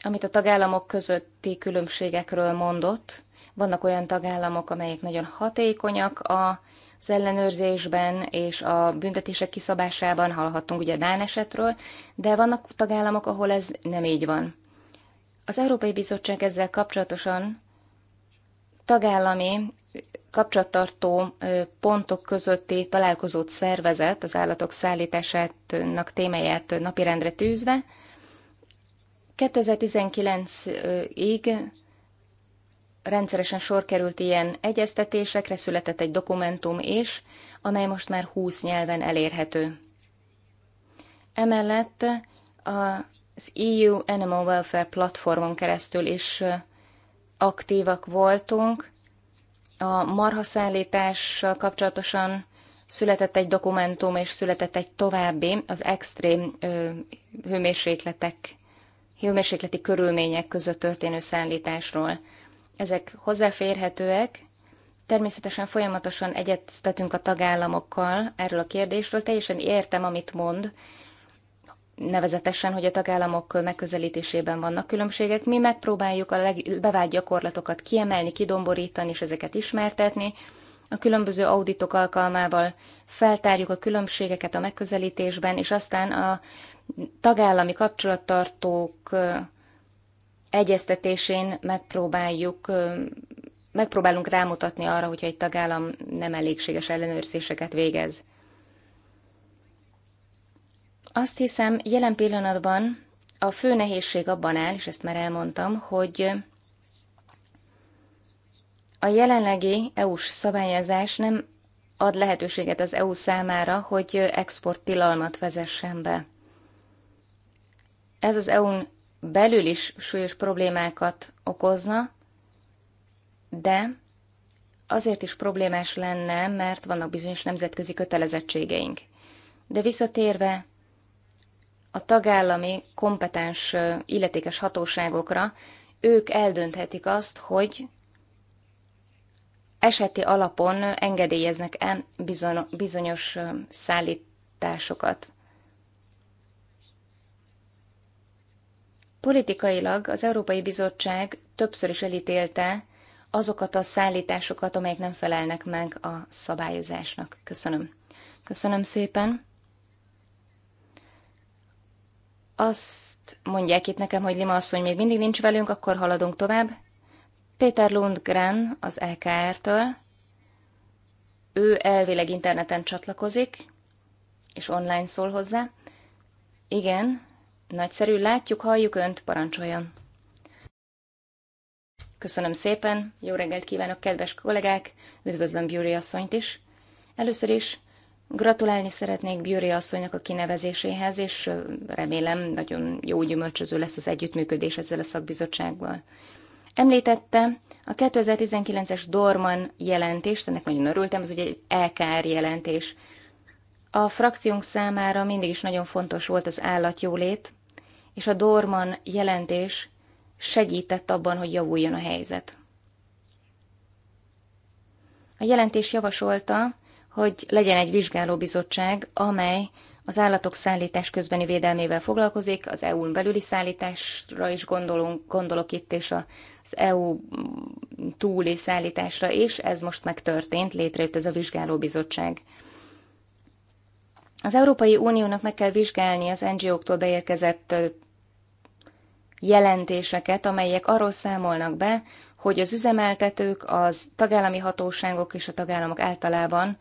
amit a tagállamok közötti különbségekről mondott. Vannak olyan tagállamok, amelyek nagyon hatékonyak a az ellenőrzésben és a büntetések kiszabásában hallhattunk ugye a Dán esetről, de vannak tagállamok, ahol ez nem így van. Az Európai Bizottság ezzel kapcsolatosan tagállami kapcsolattartó pontok közötti találkozót szervezett az állatok szállításának témáját napirendre tűzve, 2019-ig rendszeresen sor került ilyen egyeztetésekre, született egy dokumentum is, amely most már 20 nyelven elérhető. Emellett az EU Animal Welfare platformon keresztül is aktívak voltunk. A marhaszállítással kapcsolatosan született egy dokumentum, és született egy további az extrém hőmérsékletek hőmérsékleti körülmények között történő szállításról. Ezek hozzáférhetőek, természetesen folyamatosan egyeztetünk a tagállamokkal erről a kérdésről, teljesen értem, amit mond, nevezetesen, hogy a tagállamok megközelítésében vannak különbségek. Mi megpróbáljuk a leg- bevált gyakorlatokat kiemelni, kidomborítani és ezeket ismertetni. A különböző auditok alkalmával feltárjuk a különbségeket a megközelítésben, és aztán a tagállami kapcsolattartók egyeztetésén megpróbáljuk, megpróbálunk rámutatni arra, hogyha egy tagállam nem elégséges ellenőrzéseket végez. Azt hiszem, jelen pillanatban a fő nehézség abban áll, és ezt már elmondtam, hogy a jelenlegi EU-s szabályozás nem ad lehetőséget az EU számára, hogy export tilalmat vezessen be ez az EU-n belül is súlyos problémákat okozna, de azért is problémás lenne, mert vannak bizonyos nemzetközi kötelezettségeink. De visszatérve a tagállami kompetens illetékes hatóságokra, ők eldönthetik azt, hogy eseti alapon engedélyeznek-e bizonyos szállításokat. Politikailag az Európai Bizottság többször is elítélte azokat a szállításokat, amelyek nem felelnek meg a szabályozásnak. Köszönöm. Köszönöm szépen. Azt mondják itt nekem, hogy Lima asszony még mindig nincs velünk, akkor haladunk tovább. Péter Lundgren az lkr től Ő elvileg interneten csatlakozik, és online szól hozzá. Igen, Nagyszerű, látjuk, halljuk önt, parancsoljon. Köszönöm szépen, jó reggelt kívánok, kedves kollégák, üdvözlöm Bjuri asszonyt is. Először is gratulálni szeretnék Bjuri asszonynak a kinevezéséhez, és remélem nagyon jó gyümölcsöző lesz az együttműködés ezzel a szakbizottsággal. Említette a 2019-es Dorman jelentést, ennek nagyon örültem, ez ugye egy LKR jelentés. A frakciónk számára mindig is nagyon fontos volt az állatjólét, és a Dorman jelentés segített abban, hogy javuljon a helyzet. A jelentés javasolta, hogy legyen egy vizsgálóbizottság, amely az állatok szállítás közbeni védelmével foglalkozik, az EU-n belüli szállításra is gondolunk, gondolok itt, és az EU túli szállításra is, ez most megtörtént, létrejött ez a vizsgálóbizottság. Az Európai Uniónak meg kell vizsgálni az NGO-któl beérkezett jelentéseket, amelyek arról számolnak be, hogy az üzemeltetők, az tagállami hatóságok és a tagállamok általában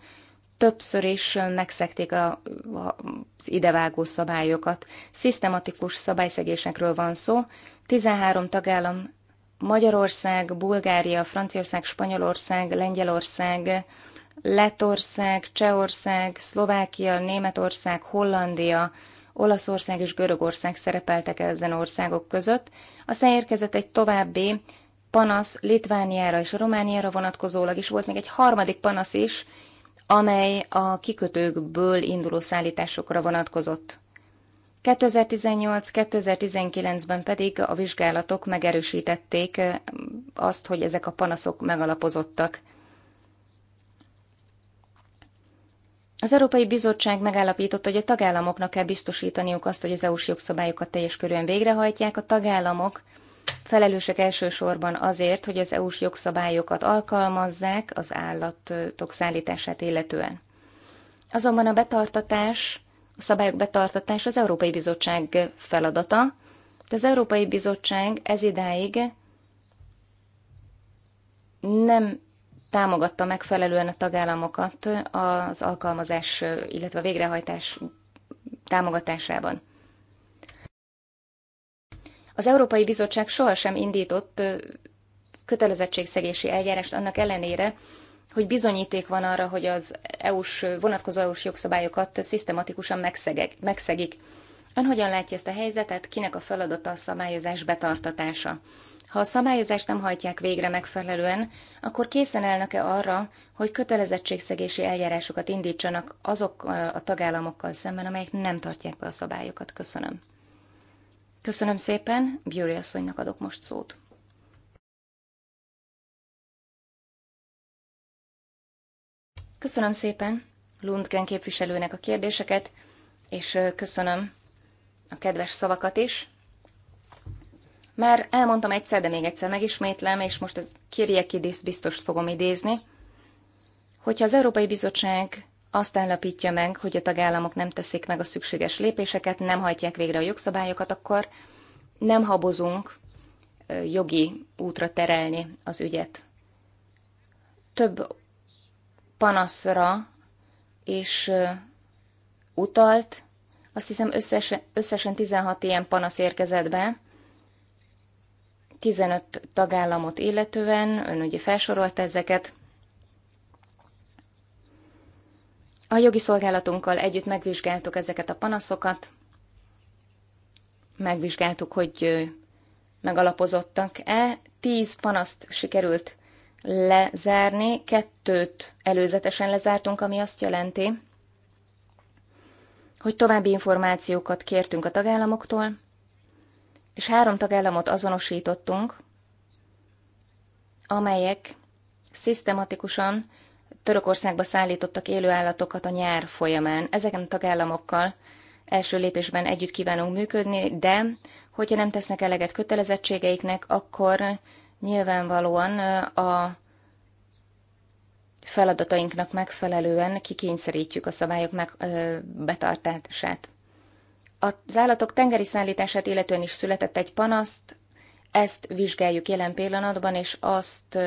többször is megszekték a, a, az idevágó szabályokat. Szisztematikus szabályszegésekről van szó. 13 tagállam Magyarország, Bulgária, Franciaország, Spanyolország, Lengyelország, Lettország, Csehország, Szlovákia, Németország, Hollandia, Olaszország és Görögország szerepeltek ezen országok között, aztán érkezett egy további panasz Litvániára és Romániára vonatkozólag is volt még egy harmadik panasz is, amely a kikötőkből induló szállításokra vonatkozott. 2018-2019-ben pedig a vizsgálatok megerősítették eh, azt, hogy ezek a panaszok megalapozottak. Az Európai Bizottság megállapította, hogy a tagállamoknak kell biztosítaniuk azt, hogy az EU-s jogszabályokat teljes körűen végrehajtják. A tagállamok felelősek elsősorban azért, hogy az EU-s jogszabályokat alkalmazzák az állatok szállítását illetően. Azonban a betartatás, a szabályok betartatása az Európai Bizottság feladata, de az Európai Bizottság ez idáig nem támogatta megfelelően a tagállamokat az alkalmazás, illetve a végrehajtás támogatásában. Az Európai Bizottság sohasem indított kötelezettségszegési eljárást annak ellenére, hogy bizonyíték van arra, hogy az EU-s, vonatkozó EU-s jogszabályokat szisztematikusan megszegek, megszegik. Ön hogyan látja ezt a helyzetet, kinek a feladata a szabályozás betartatása? Ha a szabályozást nem hajtják végre megfelelően, akkor készen állnak-e arra, hogy kötelezettségszegési eljárásokat indítsanak azokkal a tagállamokkal szemben, amelyek nem tartják be a szabályokat? Köszönöm. Köszönöm szépen, Björn asszonynak adok most szót. Köszönöm szépen Lundgren képviselőnek a kérdéseket, és köszönöm a kedves szavakat is. Már elmondtam egyszer, de még egyszer megismétlem, és most az Kiriakidis biztos fogom idézni. Hogyha az Európai Bizottság azt állapítja meg, hogy a tagállamok nem teszik meg a szükséges lépéseket, nem hajtják végre a jogszabályokat, akkor nem habozunk jogi útra terelni az ügyet. Több panaszra és utalt, azt hiszem összesen, összesen 16 ilyen panasz érkezett be, 15 tagállamot illetően, ön ugye felsorolt ezeket. A jogi szolgálatunkkal együtt megvizsgáltuk ezeket a panaszokat, megvizsgáltuk, hogy megalapozottak-e. 10 panaszt sikerült lezárni, kettőt előzetesen lezártunk, ami azt jelenti, hogy további információkat kértünk a tagállamoktól, és három tagállamot azonosítottunk, amelyek szisztematikusan Törökországba szállítottak élő állatokat a nyár folyamán. Ezeken a tagállamokkal első lépésben együtt kívánunk működni, de hogyha nem tesznek eleget kötelezettségeiknek, akkor nyilvánvalóan a feladatainknak megfelelően kikényszerítjük a szabályok meg, ö, betartását. Az állatok tengeri szállítását illetően is született egy panaszt, ezt vizsgáljuk jelen pillanatban, és azt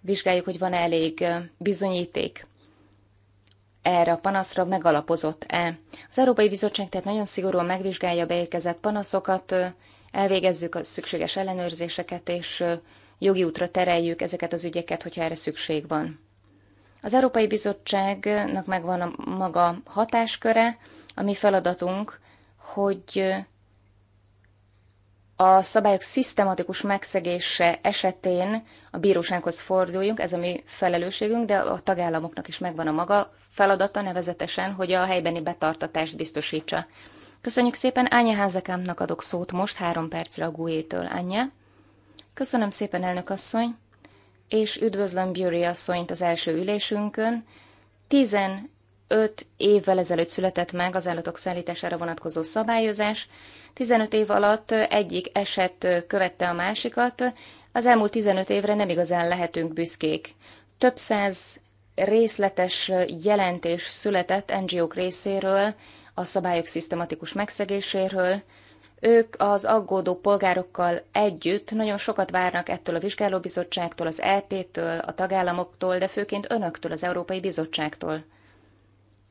vizsgáljuk, hogy van-e elég bizonyíték erre a panaszra megalapozott-e. Az Európai Bizottság tehát nagyon szigorúan megvizsgálja beérkezett panaszokat, elvégezzük a szükséges ellenőrzéseket, és jogi útra tereljük ezeket az ügyeket, hogyha erre szükség van. Az Európai Bizottságnak megvan a maga hatásköre, ami feladatunk hogy a szabályok szisztematikus megszegése esetén a bírósághoz forduljunk, ez a mi felelősségünk, de a tagállamoknak is megvan a maga feladata, nevezetesen, hogy a helybeni betartatást biztosítsa. Köszönjük szépen, Anya Házekámnak adok szót most három percre a GUE-től, Anya. Köszönöm szépen, elnök asszony, és üdvözlöm Björi asszonyt az első ülésünkön. Tizen 5 évvel ezelőtt született meg az állatok szállítására vonatkozó szabályozás. 15 év alatt egyik eset követte a másikat. Az elmúlt 15 évre nem igazán lehetünk büszkék. Több száz részletes jelentés született NGO-k részéről a szabályok szisztematikus megszegéséről. Ők az aggódó polgárokkal együtt nagyon sokat várnak ettől a vizsgálóbizottságtól, az EP-től, a tagállamoktól, de főként önöktől, az Európai Bizottságtól.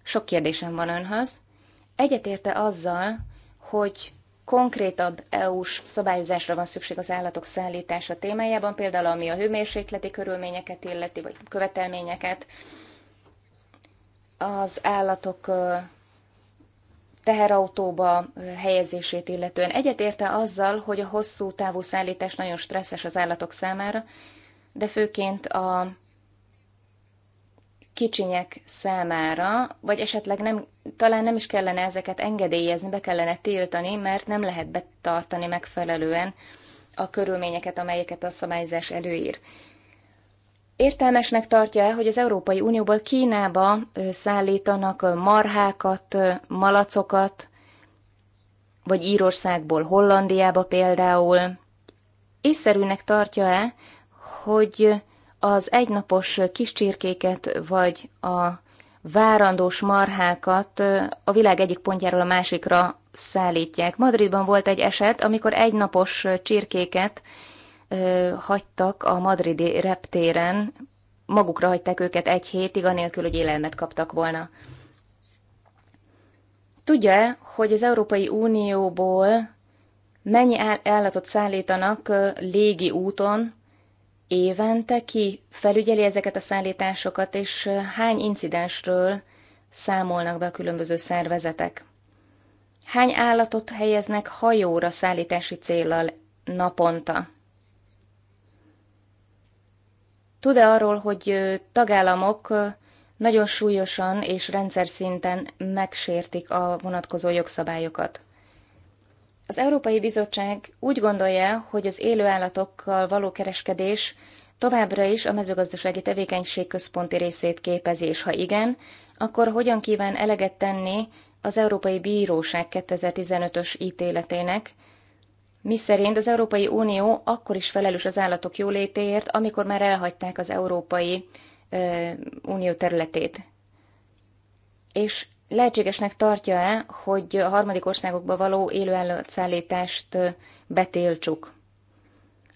Sok kérdésem van önhöz. Egyetérte azzal, hogy konkrétabb EU-s szabályozásra van szükség az állatok szállítása témájában, például ami a hőmérsékleti körülményeket illeti, vagy követelményeket, az állatok teherautóba helyezését illetően. Egyetérte azzal, hogy a hosszú távú szállítás nagyon stresszes az állatok számára, de főként a kicsinyek számára, vagy esetleg nem, talán nem is kellene ezeket engedélyezni, be kellene tiltani, mert nem lehet betartani megfelelően a körülményeket, amelyeket a szabályzás előír. Értelmesnek tartja hogy az Európai Unióból Kínába szállítanak marhákat, malacokat, vagy Írországból Hollandiába például. Észszerűnek tartja-e, hogy az egynapos csirkéket, vagy a várandós marhákat a világ egyik pontjáról a másikra szállítják. Madridban volt egy eset, amikor egynapos csirkéket ö, hagytak a madridi reptéren, magukra hagyták őket egy hétig, anélkül, hogy élelmet kaptak volna. Tudja, -e, hogy az Európai Unióból mennyi állatot szállítanak légi úton évente, ki felügyeli ezeket a szállításokat, és hány incidensről számolnak be a különböző szervezetek. Hány állatot helyeznek hajóra szállítási célral naponta? Tud-e arról, hogy tagállamok nagyon súlyosan és rendszer szinten megsértik a vonatkozó jogszabályokat? Az Európai Bizottság úgy gondolja, hogy az élő állatokkal való kereskedés továbbra is a mezőgazdasági tevékenység központi részét képezi, és ha igen, akkor hogyan kíván eleget tenni az Európai Bíróság 2015-ös ítéletének, szerint az Európai Unió akkor is felelős az állatok jólétéért, amikor már elhagyták az Európai ö, Unió területét. És lehetségesnek tartja-e, hogy a harmadik országokba való élő szállítást betiltsuk?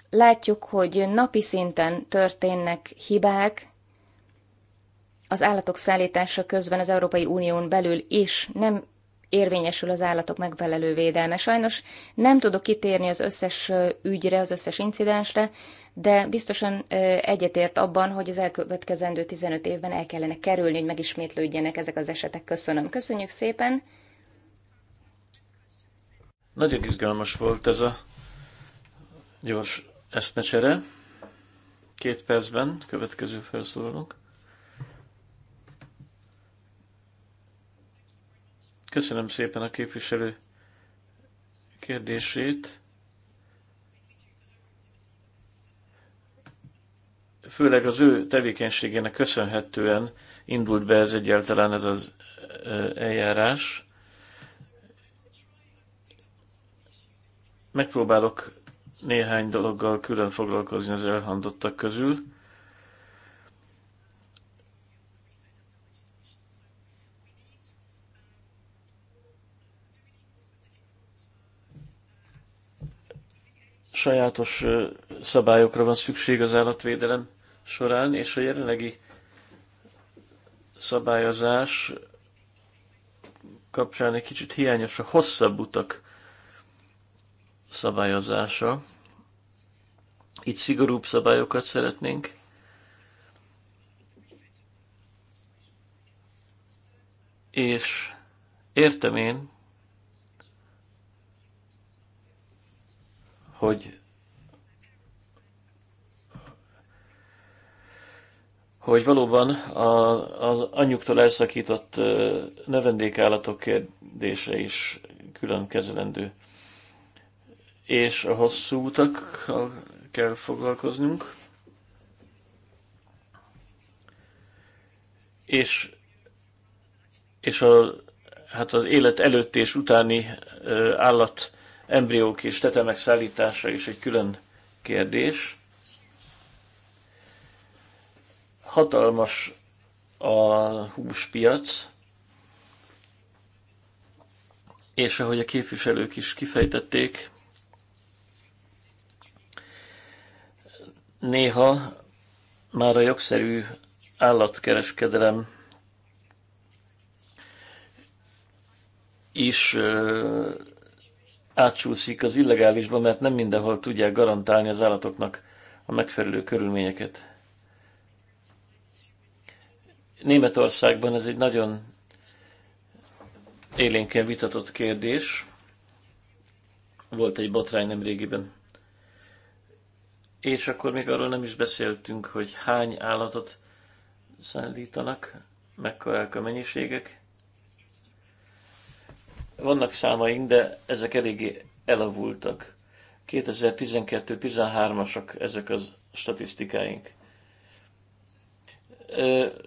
Látjuk, hogy napi szinten történnek hibák, az állatok szállítása közben az Európai Unión belül is nem érvényesül az állatok megfelelő védelme. Sajnos nem tudok kitérni az összes ügyre, az összes incidensre, de biztosan egyetért abban, hogy az elkövetkezendő 15 évben el kellene kerülni, hogy megismétlődjenek ezek az esetek. Köszönöm. Köszönjük szépen. Nagyon izgalmas volt ez a gyors eszmecsere. Két percben következő felszólalunk. Köszönöm szépen a képviselő kérdését. főleg az ő tevékenységének köszönhetően indult be ez egyáltalán ez az eljárás. Megpróbálok néhány dologgal külön foglalkozni az elhangzottak közül. Sajátos szabályokra van szükség az állatvédelem során, és a jelenlegi szabályozás kapcsán egy kicsit hiányos a hosszabb utak szabályozása. Itt szigorúbb szabályokat szeretnénk. És értem én, hogy hogy valóban a, az anyjuktól elszakított növendékállatok kérdése is külön kezelendő. És a hosszú utakkal kell foglalkoznunk. És, és a, hát az élet előtt és utáni állat embriók és tetemek szállítása is egy külön kérdés. Hatalmas a húspiac, és ahogy a képviselők is kifejtették, néha már a jogszerű állatkereskedelem is átsúszik az illegálisba, mert nem mindenhol tudják garantálni az állatoknak a megfelelő körülményeket. Németországban ez egy nagyon élénken vitatott kérdés. Volt egy botrány nem régiben. És akkor még arról nem is beszéltünk, hogy hány állatot szállítanak, mekkorák a mennyiségek. Vannak számaink, de ezek eléggé elavultak. 2012-13-asak ezek az statisztikáink.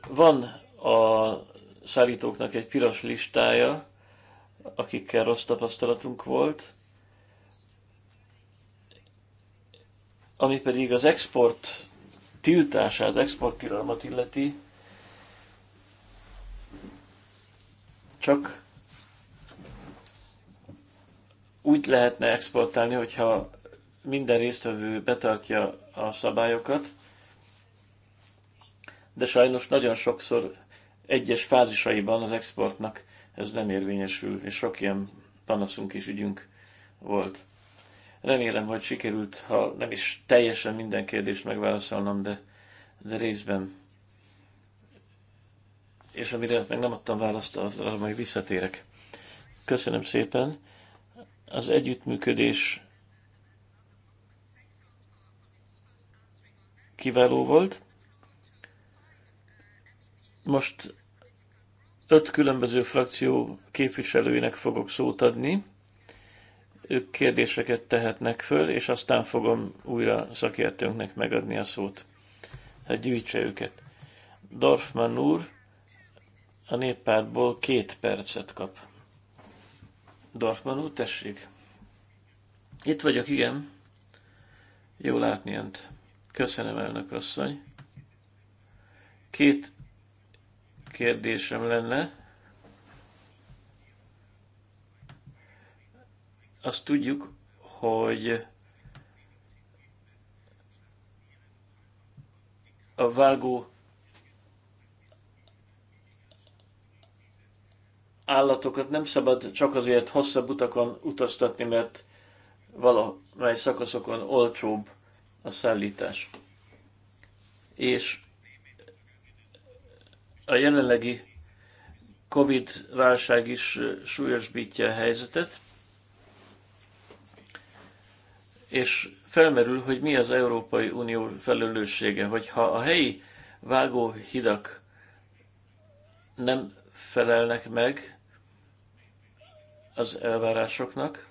Van a szállítóknak egy piros listája, akikkel rossz tapasztalatunk volt, ami pedig az export tiltását, az export tilalmat illeti, csak úgy lehetne exportálni, hogyha minden résztvevő betartja a szabályokat, de sajnos nagyon sokszor egyes fázisaiban az exportnak ez nem érvényesül, és sok ilyen panaszunk és ügyünk volt. Remélem, hogy sikerült, ha nem is teljesen minden kérdést megválaszolnom, de, de részben. És amire meg nem adtam választ, az arra majd visszatérek. Köszönöm szépen. Az együttműködés kiváló volt. Most öt különböző frakció képviselőinek fogok szót adni. Ők kérdéseket tehetnek föl, és aztán fogom újra szakértőnknek megadni a szót. Hát gyűjtse őket. Dorfman úr a néppártból két percet kap. Dorfman úr, tessék. Itt vagyok, igen. Jó látni önt. Köszönöm, elnök asszony. Két kérdésem lenne. Azt tudjuk, hogy a vágó állatokat nem szabad csak azért hosszabb utakon utaztatni, mert valamely szakaszokon olcsóbb a szállítás. És a jelenlegi COVID-válság is súlyosbítja a helyzetet, és felmerül, hogy mi az Európai Unió felelőssége, hogyha a helyi vágóhidak nem felelnek meg az elvárásoknak,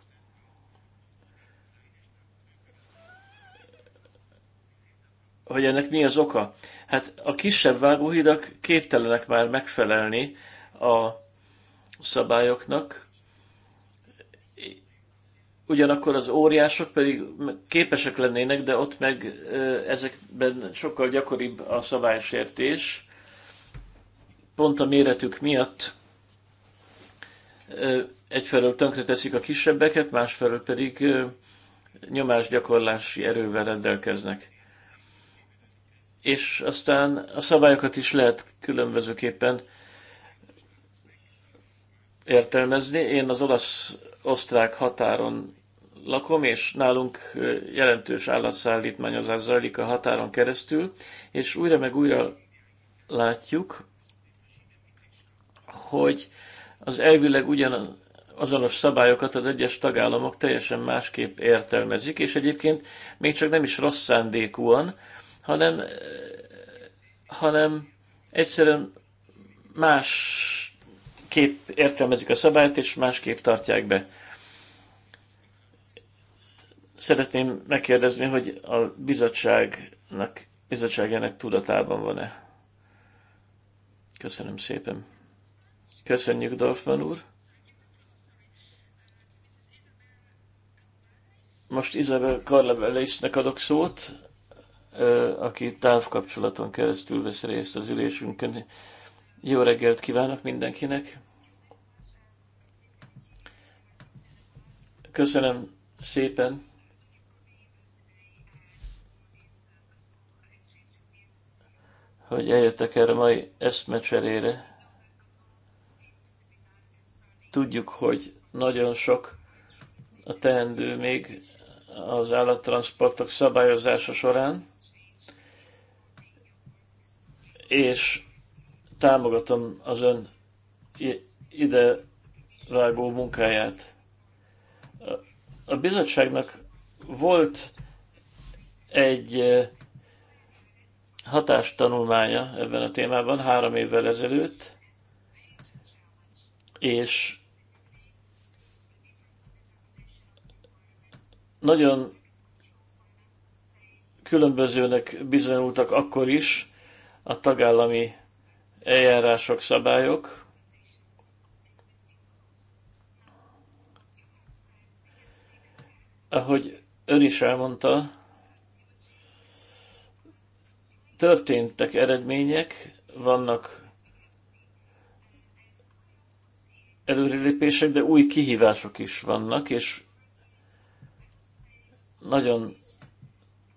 hogy ennek mi az oka. Hát a kisebb vágóhidak képtelenek már megfelelni a szabályoknak, ugyanakkor az óriások pedig képesek lennének, de ott meg ezekben sokkal gyakoribb a szabálysértés, pont a méretük miatt egyfelől tönkreteszik a kisebbeket, másfelől pedig nyomásgyakorlási erővel rendelkeznek és aztán a szabályokat is lehet különbözőképpen értelmezni. Én az olasz-osztrák határon lakom, és nálunk jelentős állatszállítmányozás zajlik a határon keresztül, és újra meg újra látjuk, hogy az elvileg ugyan azonos szabályokat az egyes tagállamok teljesen másképp értelmezik, és egyébként még csak nem is rossz szándékúan, hanem, hanem egyszerűen más kép értelmezik a szabályt, és másképp tartják be. Szeretném megkérdezni, hogy a bizottságnak, bizottságának tudatában van-e. Köszönöm szépen. Köszönjük, Dorfman úr. Most Izabel Karlevelésznek adok szót, aki távkapcsolaton keresztül vesz részt az ülésünkön. Jó reggelt kívánok mindenkinek! Köszönöm szépen! hogy eljöttek erre mai eszmecserére. Tudjuk, hogy nagyon sok a teendő még az állattransportok szabályozása során és támogatom az ön ide vágó munkáját. A bizottságnak volt egy hatástanulmánya ebben a témában három évvel ezelőtt, és nagyon különbözőnek bizonyultak akkor is a tagállami eljárások, szabályok. Ahogy ön is elmondta, történtek eredmények, vannak előrelépések, de új kihívások is vannak, és nagyon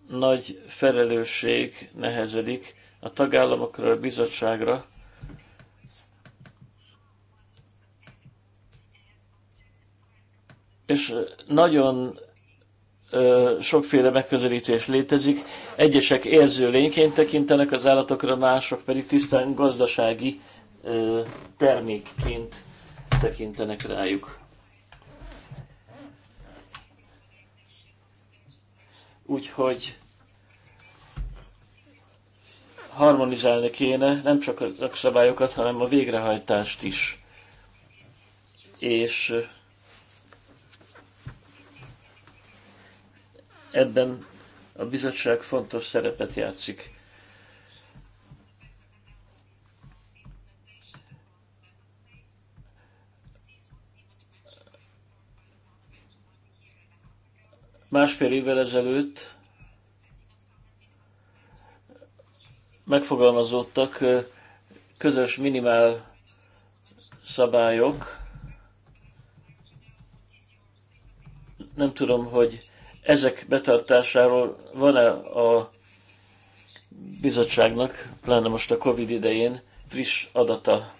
nagy felelősség nehezedik a tagállamokra, a bizottságra, és nagyon ö, sokféle megközelítés létezik. Egyesek érző lényként tekintenek az állatokra, mások pedig tisztán gazdasági ö, termékként tekintenek rájuk. Úgyhogy harmonizálni kéne nem csak a szabályokat, hanem a végrehajtást is. És ebben a bizottság fontos szerepet játszik. Másfél évvel ezelőtt megfogalmazódtak közös minimál szabályok. Nem tudom, hogy ezek betartásáról van-e a bizottságnak, pláne most a Covid idején friss adata.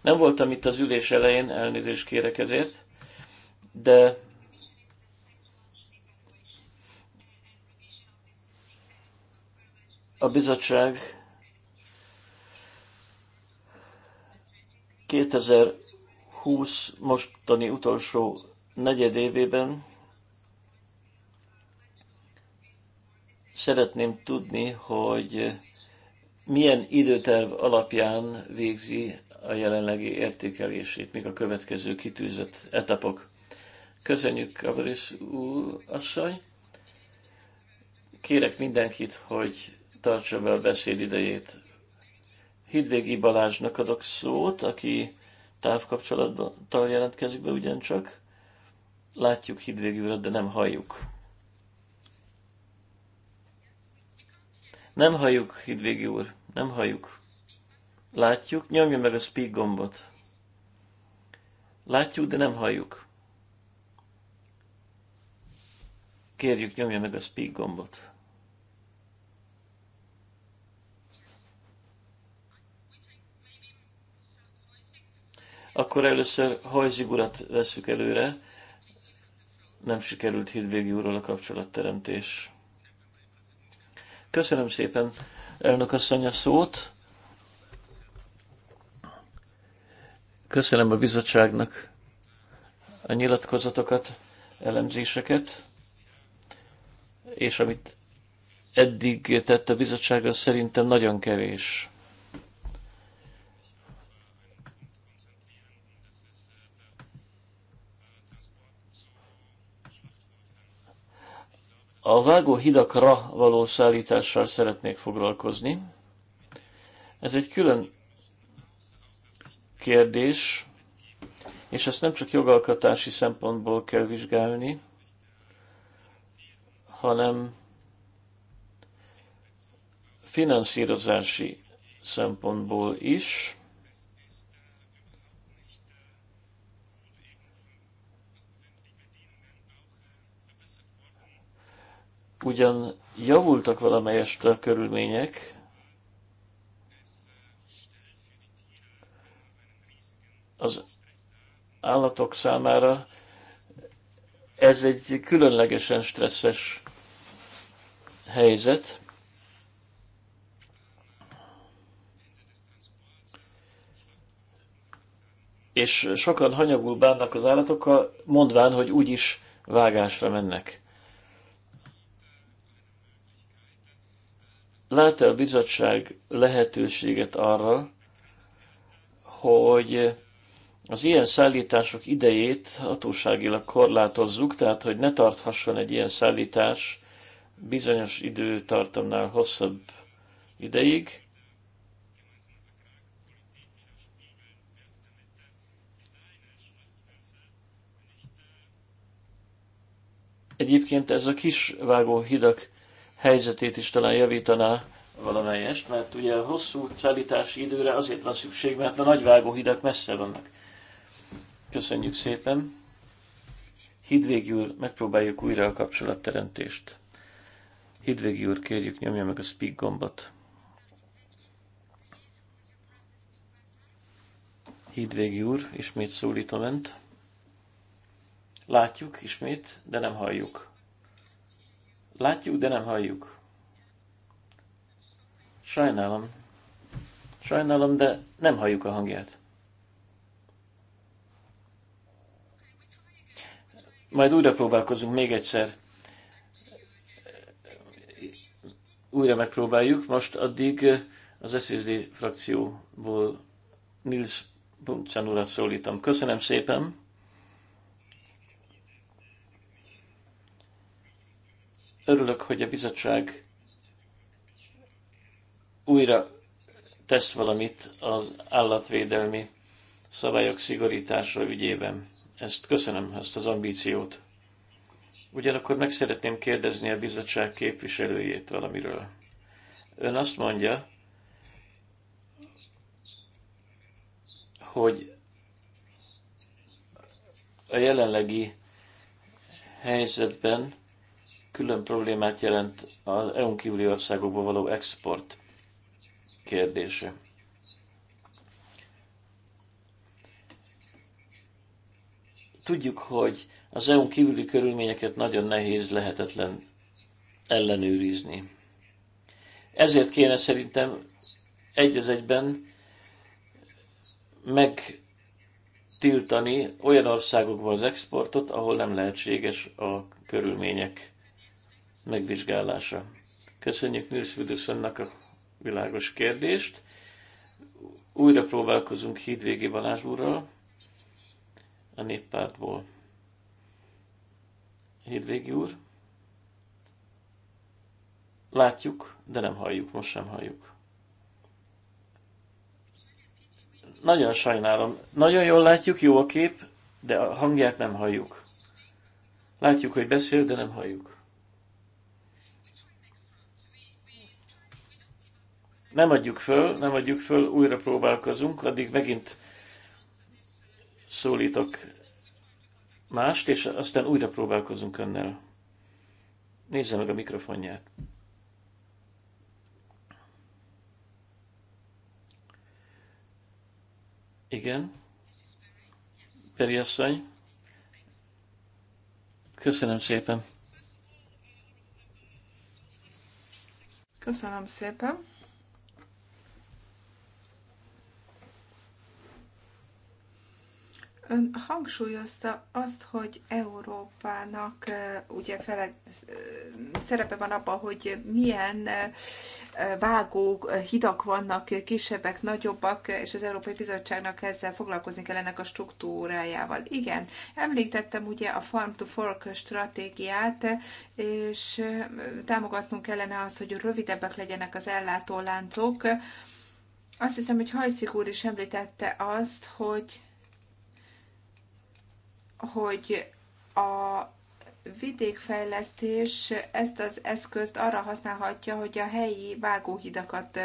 Nem voltam itt az ülés elején, elnézést kérek ezért, de A bizottság 2020 mostani utolsó negyedévében szeretném tudni, hogy milyen időterv alapján végzi a jelenlegi értékelését, mik a következő kitűzött etapok. Köszönjük, Kavarisz úr, asszony! Kérek mindenkit, hogy tartsa be a beszéd idejét. Hidvégi Balázsnak adok szót, aki távkapcsolattal jelentkezik be ugyancsak. Látjuk Hidvégi urat, de nem halljuk. Nem halljuk, Hidvégi úr, nem halljuk. Látjuk, nyomja meg a speak gombot. Látjuk, de nem halljuk. Kérjük, nyomja meg a speak gombot. Akkor először Hajzig veszük előre. Nem sikerült hídvégi úrral a kapcsolatteremtés. Köszönöm szépen, elnök asszony a szót. Köszönöm a bizottságnak a nyilatkozatokat, elemzéseket, és amit eddig tett a bizottság, az szerintem nagyon kevés. A vágó hidakra való szállítással szeretnék foglalkozni. Ez egy külön kérdés, és ezt nem csak jogalkotási szempontból kell vizsgálni, hanem finanszírozási szempontból is. ugyan javultak valamelyest a körülmények, az állatok számára ez egy különlegesen stresszes helyzet. És sokan hanyagul bánnak az állatokkal, mondván, hogy úgyis vágásra mennek. lát-e a bizottság lehetőséget arra, hogy az ilyen szállítások idejét hatóságilag korlátozzuk, tehát hogy ne tarthasson egy ilyen szállítás bizonyos időtartamnál hosszabb ideig, Egyébként ez a kis vágóhidak helyzetét is talán javítaná valamelyest, mert ugye a hosszú szállítási időre azért van szükség, mert a nagyvágóhidak messze vannak. Köszönjük szépen! Hidvégi úr, megpróbáljuk újra a kapcsolatteremtést. Hidvégi úr, kérjük, nyomja meg a speak gombot. Hidvégi úr, ismét szólítom önt. Látjuk ismét, de nem halljuk. Látjuk, de nem halljuk. Sajnálom. Sajnálom, de nem halljuk a hangját. Majd újra próbálkozunk még egyszer. Újra megpróbáljuk. Most addig az SSD frakcióból Nils Buncan urat szólítom. Köszönöm szépen! Örülök, hogy a bizottság újra tesz valamit az állatvédelmi szabályok szigorítása ügyében. Ezt köszönöm, ezt az ambíciót. Ugyanakkor meg szeretném kérdezni a bizottság képviselőjét valamiről. Ön azt mondja, hogy a jelenlegi helyzetben külön problémát jelent az EU-n kívüli országokba való export kérdése. Tudjuk, hogy az EU-n kívüli körülményeket nagyon nehéz, lehetetlen ellenőrizni. Ezért kéne szerintem egy az egyben megtiltani olyan országokba az exportot, ahol nem lehetséges a körülmények megvizsgálása. Köszönjük Nils Vidusonnak a világos kérdést. Újra próbálkozunk Hídvégi Balázs úrral, a néppártból. Hídvégi úr? Látjuk, de nem halljuk, most sem halljuk. Nagyon sajnálom. Nagyon jól látjuk, jó a kép, de a hangját nem halljuk. Látjuk, hogy beszél, de nem halljuk. nem adjuk föl, nem adjuk föl, újra próbálkozunk, addig megint szólítok mást, és aztán újra próbálkozunk önnel. Nézze meg a mikrofonját. Igen. Peri asszony. Köszönöm szépen. Köszönöm szépen. Ön hangsúlyozta azt, hogy Európának ugye fele, szerepe van abban, hogy milyen vágó hidak vannak, kisebbek, nagyobbak, és az Európai Bizottságnak ezzel foglalkozni kell ennek a struktúrájával. Igen, említettem ugye a Farm to Fork stratégiát, és támogatnunk kellene az, hogy rövidebbek legyenek az ellátóláncok. Azt hiszem, hogy Hajszik úr is említette azt, hogy hogy a vidékfejlesztés ezt az eszközt arra használhatja, hogy a helyi vágóhidakat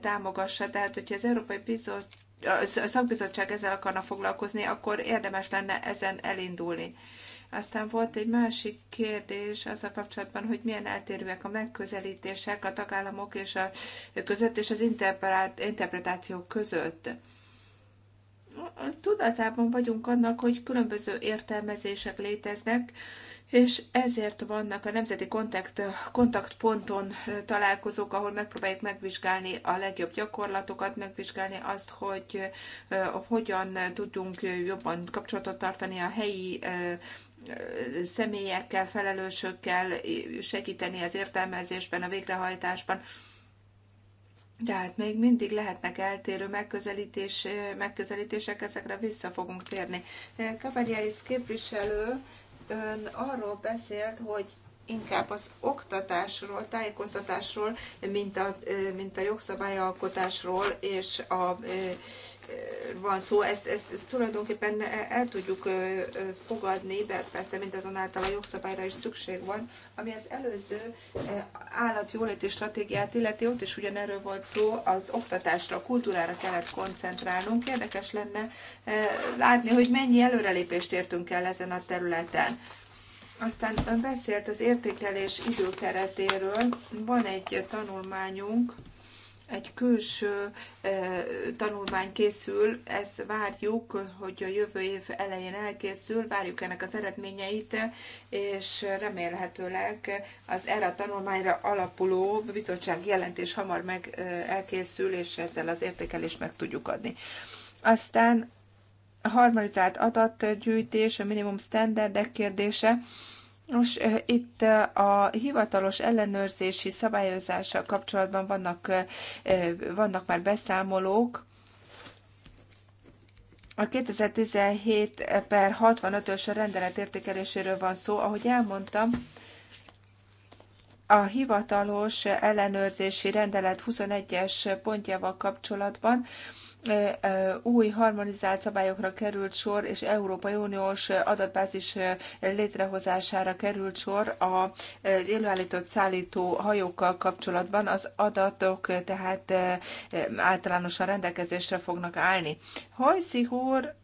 támogassa. Tehát, hogyha az Európai Bizottság a szakbizottság ezzel akarna foglalkozni, akkor érdemes lenne ezen elindulni. Aztán volt egy másik kérdés az a kapcsolatban, hogy milyen eltérőek a megközelítések a tagállamok és a között és az interpretációk között tudatában vagyunk annak, hogy különböző értelmezések léteznek, és ezért vannak a nemzeti kontakt, kontaktponton találkozók, ahol megpróbáljuk megvizsgálni a legjobb gyakorlatokat, megvizsgálni azt, hogy hogyan tudjunk jobban kapcsolatot tartani a helyi személyekkel, felelősökkel, segíteni az értelmezésben, a végrehajtásban. Tehát még mindig lehetnek eltérő megközelítés, eh, megközelítések, ezekre vissza fogunk térni. Kabariáis eh, képviselő ön arról beszélt, hogy inkább az oktatásról, tájékoztatásról, mint a, eh, mint a jogszabályalkotásról és a van szó, ezt, ezt, ezt tulajdonképpen el tudjuk fogadni, de persze mindazonáltal a jogszabályra is szükség van, ami az előző állatjóléti stratégiát illeti, ott is ugyanerről volt szó, az oktatásra, a kultúrára kellett koncentrálnunk. Érdekes lenne látni, hogy mennyi előrelépést értünk el ezen a területen. Aztán ön beszélt az értékelés időkeretéről. Van egy tanulmányunk, egy külső e, tanulmány készül, ezt várjuk, hogy a jövő év elején elkészül, várjuk ennek az eredményeit, és remélhetőleg az erre a tanulmányra alapuló bizottság jelentés hamar meg e, elkészül, és ezzel az értékelést meg tudjuk adni. Aztán a harmonizált adatgyűjtés, a minimum standardek kérdése. Nos, itt a hivatalos ellenőrzési szabályozással kapcsolatban vannak, vannak már beszámolók. A 2017 per 65-ös rendelet értékeléséről van szó, ahogy elmondtam, a hivatalos ellenőrzési rendelet 21-es pontjával kapcsolatban új harmonizált szabályokra került sor, és Európai Uniós adatbázis létrehozására került sor az élőállított szállító hajókkal kapcsolatban. Az adatok tehát általánosan rendelkezésre fognak állni. Hajszi úr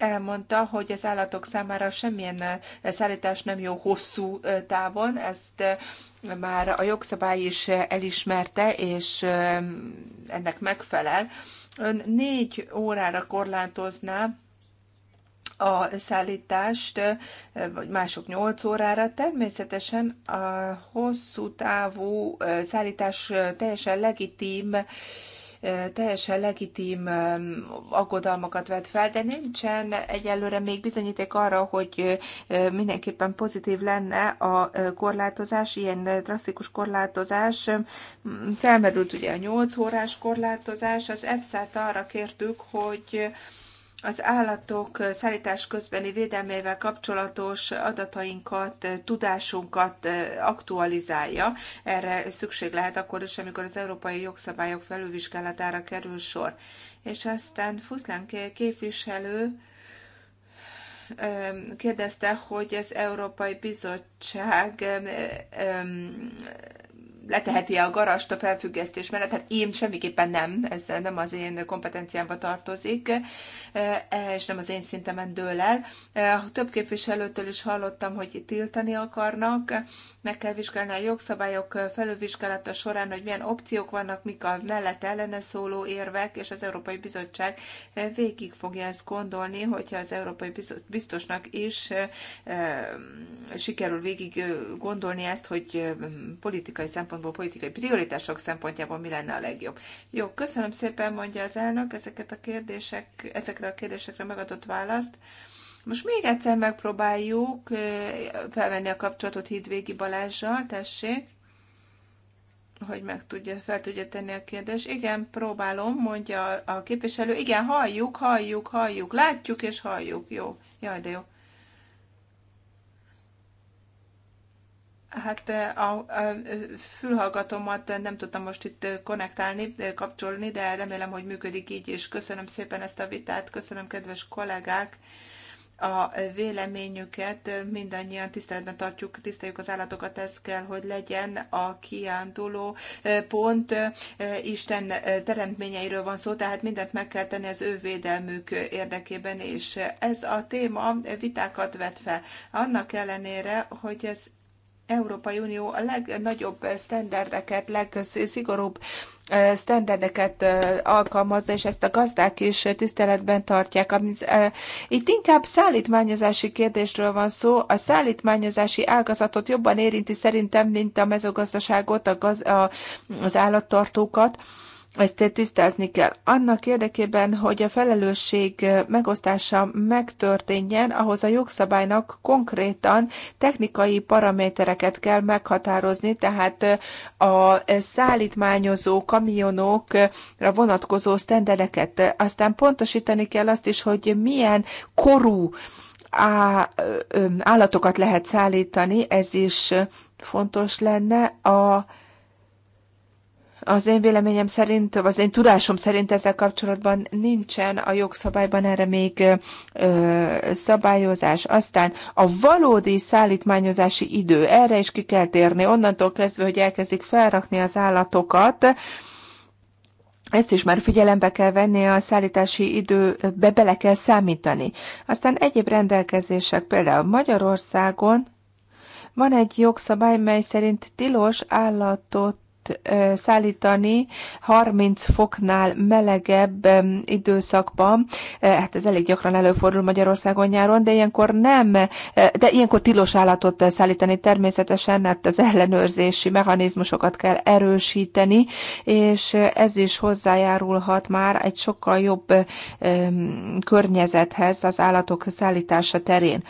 elmondta, hogy az állatok számára semmilyen eh, szállítás nem jó hosszú eh, távon, ezt eh, már a jogszabály is elismerte, és ennek megfelel. Ön négy órára korlátozná a szállítást, vagy mások 8 órára. Természetesen a hosszú távú szállítás teljesen legitim teljesen legitim aggodalmakat vet fel, de nincsen egyelőre még bizonyíték arra, hogy mindenképpen pozitív lenne a korlátozás, ilyen drasztikus korlátozás. Felmerült ugye a 8 órás korlátozás, az EFSA-t arra kértük, hogy az állatok szállítás közbeni védelmével kapcsolatos adatainkat, tudásunkat aktualizálja. Erre szükség lehet akkor is, amikor az európai jogszabályok felülvizsgálatára kerül sor. És aztán Fuszlán képviselő kérdezte, hogy az Európai Bizottság leteheti a garast a felfüggesztés mellett. Hát én semmiképpen nem, ez nem az én kompetenciámba tartozik, e, és nem az én szintemen dől el. E, több képviselőtől is hallottam, hogy tiltani akarnak, meg kell vizsgálni a jogszabályok felülvizsgálata során, hogy milyen opciók vannak, mik a mellett ellene szóló érvek, és az Európai Bizottság végig fogja ezt gondolni, hogyha az Európai Biztosnak is e, sikerül végig gondolni ezt, hogy politikai szempontból szempontból, politikai prioritások szempontjából mi lenne a legjobb. Jó, köszönöm szépen, mondja az elnök ezeket a kérdések, ezekre a kérdésekre megadott választ. Most még egyszer megpróbáljuk felvenni a kapcsolatot Hidvégi Balázsjal, tessék, hogy meg tudja, fel tudja tenni a kérdést. Igen, próbálom, mondja a képviselő. Igen, halljuk, halljuk, halljuk, látjuk és halljuk. Jó, jaj, de jó. Hát a, a fülhallgatómat nem tudtam most itt konnektálni, kapcsolni, de remélem, hogy működik így, és köszönöm szépen ezt a vitát, köszönöm kedves kollégák a véleményüket, mindannyian tiszteletben tartjuk, tiszteljük az állatokat, ez kell, hogy legyen a kiánduló pont. Isten teremtményeiről van szó, tehát mindent meg kell tenni az ő védelmük érdekében, és ez a téma vitákat vet fel. Annak ellenére, hogy ez Európai Unió a legnagyobb sztenderdeket, legszigorúbb sztenderdeket alkalmazza, és ezt a gazdák is tiszteletben tartják. Itt inkább szállítmányozási kérdésről van szó. A szállítmányozási ágazatot jobban érinti szerintem, mint a mezőgazdaságot, a gaz, a, az állattartókat. Ezt tisztázni kell. Annak érdekében, hogy a felelősség megosztása megtörténjen, ahhoz a jogszabálynak konkrétan technikai paramétereket kell meghatározni, tehát a szállítmányozó kamionokra vonatkozó sztendereket. Aztán pontosítani kell azt is, hogy milyen korú állatokat lehet szállítani, ez is fontos lenne. A az én véleményem szerint, az én tudásom szerint ezzel kapcsolatban nincsen a jogszabályban erre még ö, szabályozás. Aztán a valódi szállítmányozási idő, erre is ki kell térni, onnantól kezdve, hogy elkezdik felrakni az állatokat, ezt is már figyelembe kell venni, a szállítási időbe bele kell számítani. Aztán egyéb rendelkezések, például Magyarországon van egy jogszabály, mely szerint tilos állatot szállítani 30 foknál melegebb időszakban. Hát ez elég gyakran előfordul Magyarországon nyáron, de ilyenkor nem, de ilyenkor tilos állatot szállítani természetesen, hát az ellenőrzési mechanizmusokat kell erősíteni, és ez is hozzájárulhat már egy sokkal jobb környezethez az állatok szállítása terén.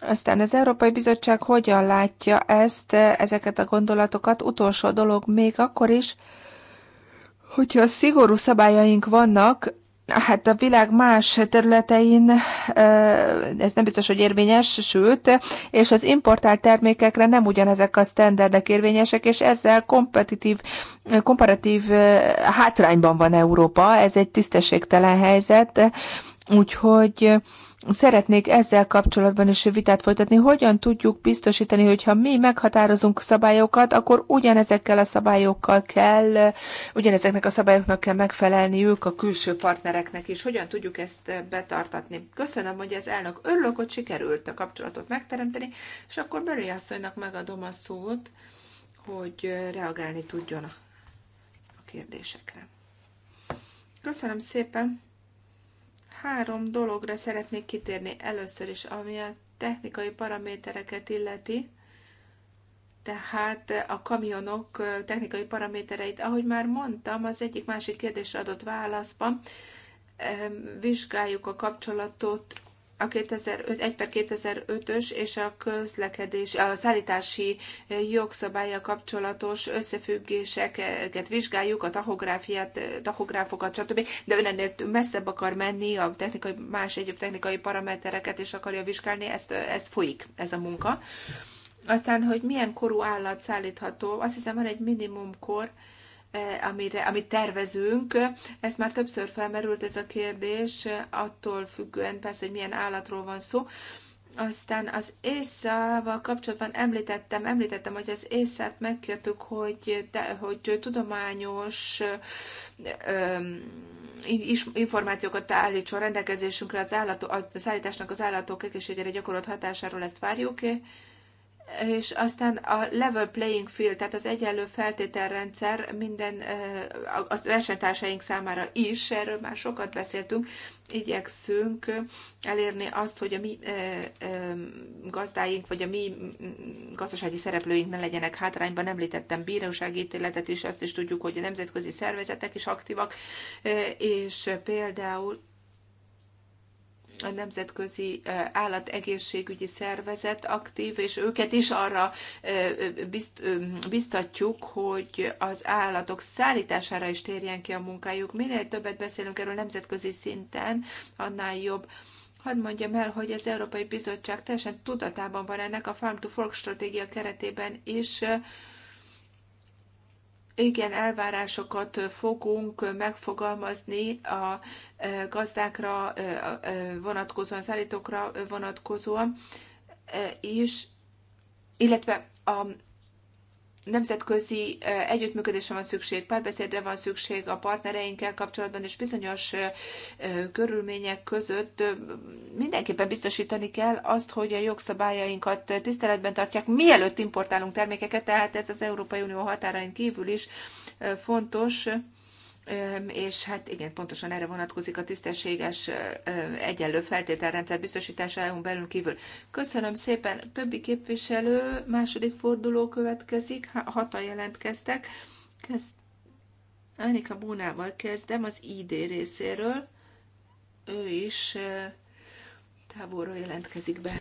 Aztán az Európai Bizottság hogyan látja ezt, ezeket a gondolatokat? Utolsó dolog még akkor is, hogyha szigorú szabályaink vannak, Hát a világ más területein ez nem biztos, hogy érvényes, sőt, és az importált termékekre nem ugyanezek a sztenderdek érvényesek, és ezzel kompetitív, komparatív hátrányban van Európa, ez egy tisztességtelen helyzet, úgyhogy szeretnék ezzel kapcsolatban is vitát folytatni. Hogyan tudjuk biztosítani, hogyha mi meghatározunk szabályokat, akkor ugyanezekkel a szabályokkal kell, ugyanezeknek a szabályoknak kell megfelelniük a külső partnereknek is. Hogyan tudjuk ezt betartatni? Köszönöm, hogy az elnök örülök, hogy sikerült a kapcsolatot megteremteni, és akkor Berry asszonynak megadom a szót, hogy reagálni tudjon a kérdésekre. Köszönöm szépen! Három dologra szeretnék kitérni először is, ami a technikai paramétereket illeti, tehát a kamionok technikai paramétereit. Ahogy már mondtam, az egyik másik kérdésre adott válaszban vizsgáljuk a kapcsolatot a 2005, 1 per 2005-ös és a közlekedés, a szállítási jogszabálya kapcsolatos összefüggéseket vizsgáljuk, a tahográfiát, tahográfokat, stb. De ön ennél messzebb akar menni, a technikai, más egyéb technikai paramétereket is akarja vizsgálni, ezt, ez folyik, ez a munka. Aztán, hogy milyen korú állat szállítható, azt hiszem van egy minimumkor, kor, E, amire, amit tervezünk. Ez már többször felmerült ez a kérdés, attól függően persze, hogy milyen állatról van szó. Aztán az észával kapcsolatban említettem, említettem, hogy az észát megkértük, hogy, de, hogy tudományos öm, is, információkat állítson rendelkezésünkre az, állat, az állításnak az állatok egészségére gyakorolt hatásáról, ezt várjuk. -e? és aztán a level playing field, tehát az egyenlő feltételrendszer minden a versenytársaink számára is, erről már sokat beszéltünk, igyekszünk elérni azt, hogy a mi gazdáink, vagy a mi gazdasági szereplőink ne legyenek hátrányban. Említettem ítéletet is, azt is tudjuk, hogy a nemzetközi szervezetek is aktívak, és például a Nemzetközi Állategészségügyi Szervezet aktív, és őket is arra biztatjuk, hogy az állatok szállítására is térjen ki a munkájuk. Minél többet beszélünk erről nemzetközi szinten, annál jobb. Hadd mondjam el, hogy az Európai Bizottság teljesen tudatában van ennek a Farm to Fork stratégia keretében is, igen elvárásokat fogunk megfogalmazni a e, gazdákra e, e, vonatkozóan, állítókra vonatkozóan, és illetve a nemzetközi együttműködésre van szükség, párbeszédre van szükség a partnereinkkel kapcsolatban, és bizonyos körülmények között mindenképpen biztosítani kell azt, hogy a jogszabályainkat tiszteletben tartják, mielőtt importálunk termékeket, tehát ez az Európai Unió határain kívül is fontos és hát igen, pontosan erre vonatkozik a tisztességes egyenlő feltételrendszer biztosítása EU-n belül kívül. Köszönöm szépen. Többi képviselő, második forduló következik, hata jelentkeztek. Kezd... Anika Bónával kezdem az ID részéről. Ő is távolról jelentkezik be.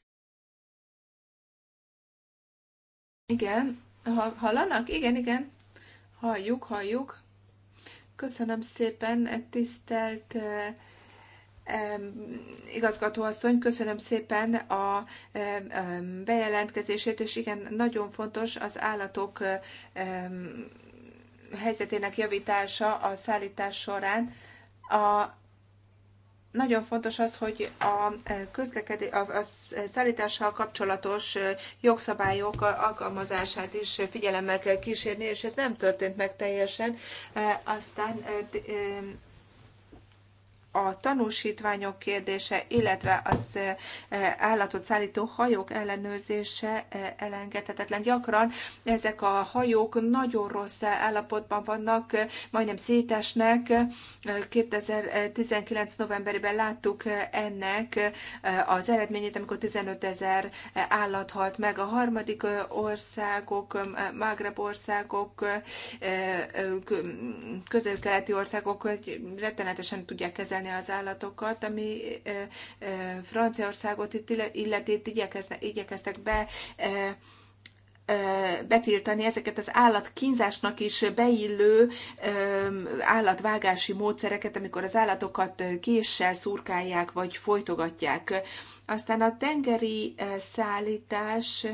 Igen, ha, hallanak? Igen, igen. Halljuk, halljuk. Köszönöm szépen, tisztelt eh, igazgatóasszony, köszönöm szépen a bejelentkezését, és igen, nagyon fontos az állatok helyzetének javítása a szállítás során. A nagyon fontos az, hogy a, e, közlekedé, a, a szállítással kapcsolatos e, jogszabályok alkalmazását is figyelemmel kell kísérni, és ez nem történt meg teljesen. E, aztán a tanúsítványok kérdése, illetve az e, e, állatot szállító hajók ellenőrzése e, elengedhetetlen. Gyakran ezek a hajók nagyon rossz állapotban vannak, majdnem szétesnek. 2019. novemberében láttuk ennek az eredményét, amikor 15 ezer állat halt meg. A harmadik országok, Magreb országok, közel-keleti országok rettenetesen tudják kezelni kezelni az állatokat, ami Franciaországot itt illeti, itt igyekeztek be betiltani ezeket az állatkínzásnak is beillő állatvágási módszereket, amikor az állatokat késsel szurkálják vagy folytogatják. Aztán a tengeri szállítás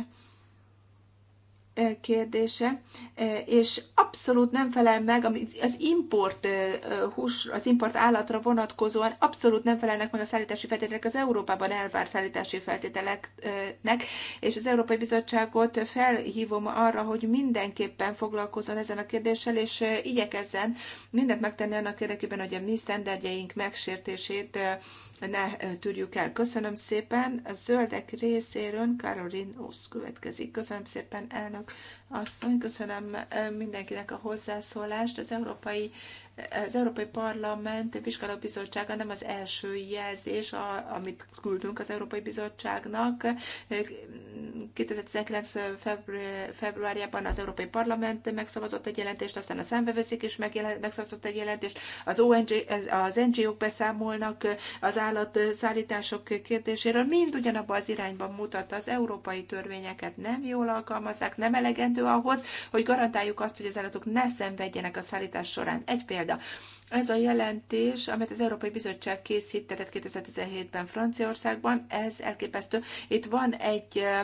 kérdése, és abszolút nem felel meg az import hús, az import állatra vonatkozóan abszolút nem felelnek meg a szállítási feltételek az Európában elvár szállítási feltételeknek, és az Európai Bizottságot felhívom arra, hogy mindenképpen foglalkozzon ezen a kérdéssel, és igyekezzen mindent megtenni annak érdekében, hogy a mi sztenderdjeink megsértését ne tudjuk el. Köszönöm szépen. A zöldek részéről Karolin Usz következik. Köszönöm szépen, elnök asszony. Köszönöm mindenkinek a hozzászólást. Az Európai az Európai Parlament Vizsgálóbizottsága nem az első jelzés, a amit küldünk az Európai Bizottságnak. 2019. februárjában az Európai Parlament megszavazott egy jelentést, aztán a számvevőszék is megszavazott egy jelentést, az, ONG, az NGO-k beszámolnak eh, az állatszállítások kérdéséről, mind ugyanabban az irányban mutat az európai törvényeket nem jól alkalmazzák, nem elegendő ahhoz, hogy garantáljuk azt, hogy az állatok ne szenvedjenek a szállítás során. Egy példa. Ez a jelentés, amit az Európai Bizottság készített 2017-ben Franciaországban, ez elképesztő. Itt van egy eh,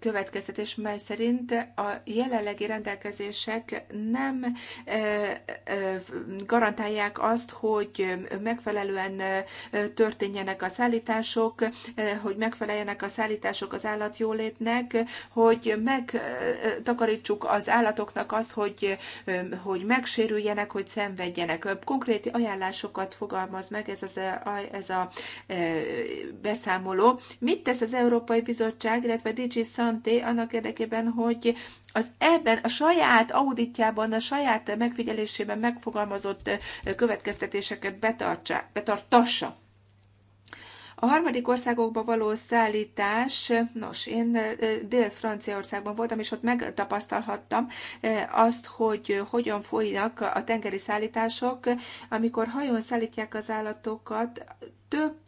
következtetés, mely szerint a jelenlegi rendelkezések nem garantálják azt, hogy megfelelően történjenek a szállítások, hogy megfeleljenek a szállítások az állatjólétnek, hogy megtakarítsuk az állatoknak azt, hogy, hogy megsérüljenek, hogy szenvedjenek. Konkrét ajánlásokat fogalmaz meg ez, az, ez a beszámoló. Mit tesz az Európai Bizottság, illetve Luigi Santé annak érdekében, hogy az ebben a saját auditjában, a saját megfigyelésében megfogalmazott következtetéseket betartsa, betartassa. A harmadik országokba való szállítás, nos, én Dél-Franciaországban voltam, és ott megtapasztalhattam azt, hogy hogyan folynak a tengeri szállítások, amikor hajón szállítják az állatokat, több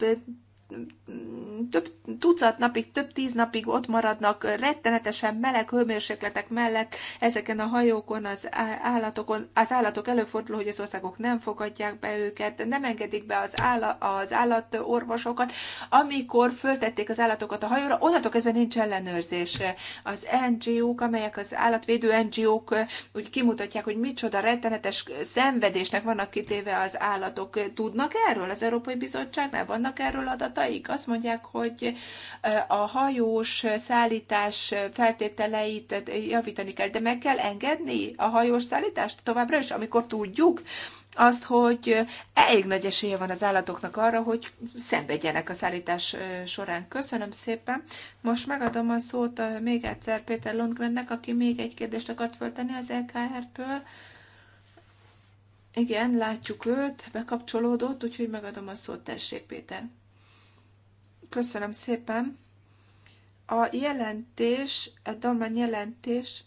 több tucat napig, több tíz napig ott maradnak rettenetesen meleg hőmérsékletek mellett ezeken a hajókon, az állatokon. Az állatok előfordul, hogy az országok nem fogadják be őket, nem engedik be az, állat az állatorvosokat. Amikor föltették az állatokat a hajóra, onnantól kezdve nincs ellenőrzés. Az NGO-k, amelyek az állatvédő NGO-k úgy kimutatják, hogy micsoda rettenetes szenvedésnek vannak kitéve az állatok. Tudnak erről az Európai Bizottságnál? Vannak erről adataik? Azt mondják, hogy a hajós szállítás feltételeit javítani kell, de meg kell engedni a hajós szállítást továbbra is, amikor tudjuk, azt, hogy elég nagy esélye van az állatoknak arra, hogy szenvedjenek a szállítás során. Köszönöm szépen. Most megadom a szót még egyszer Péter Lundgrennek, aki még egy kérdést akart föltenni az LKR-től. Igen, látjuk őt, bekapcsolódott, úgyhogy megadom a szót, tessék Péter. Köszönöm szépen. A jelentés, a Dolman jelentés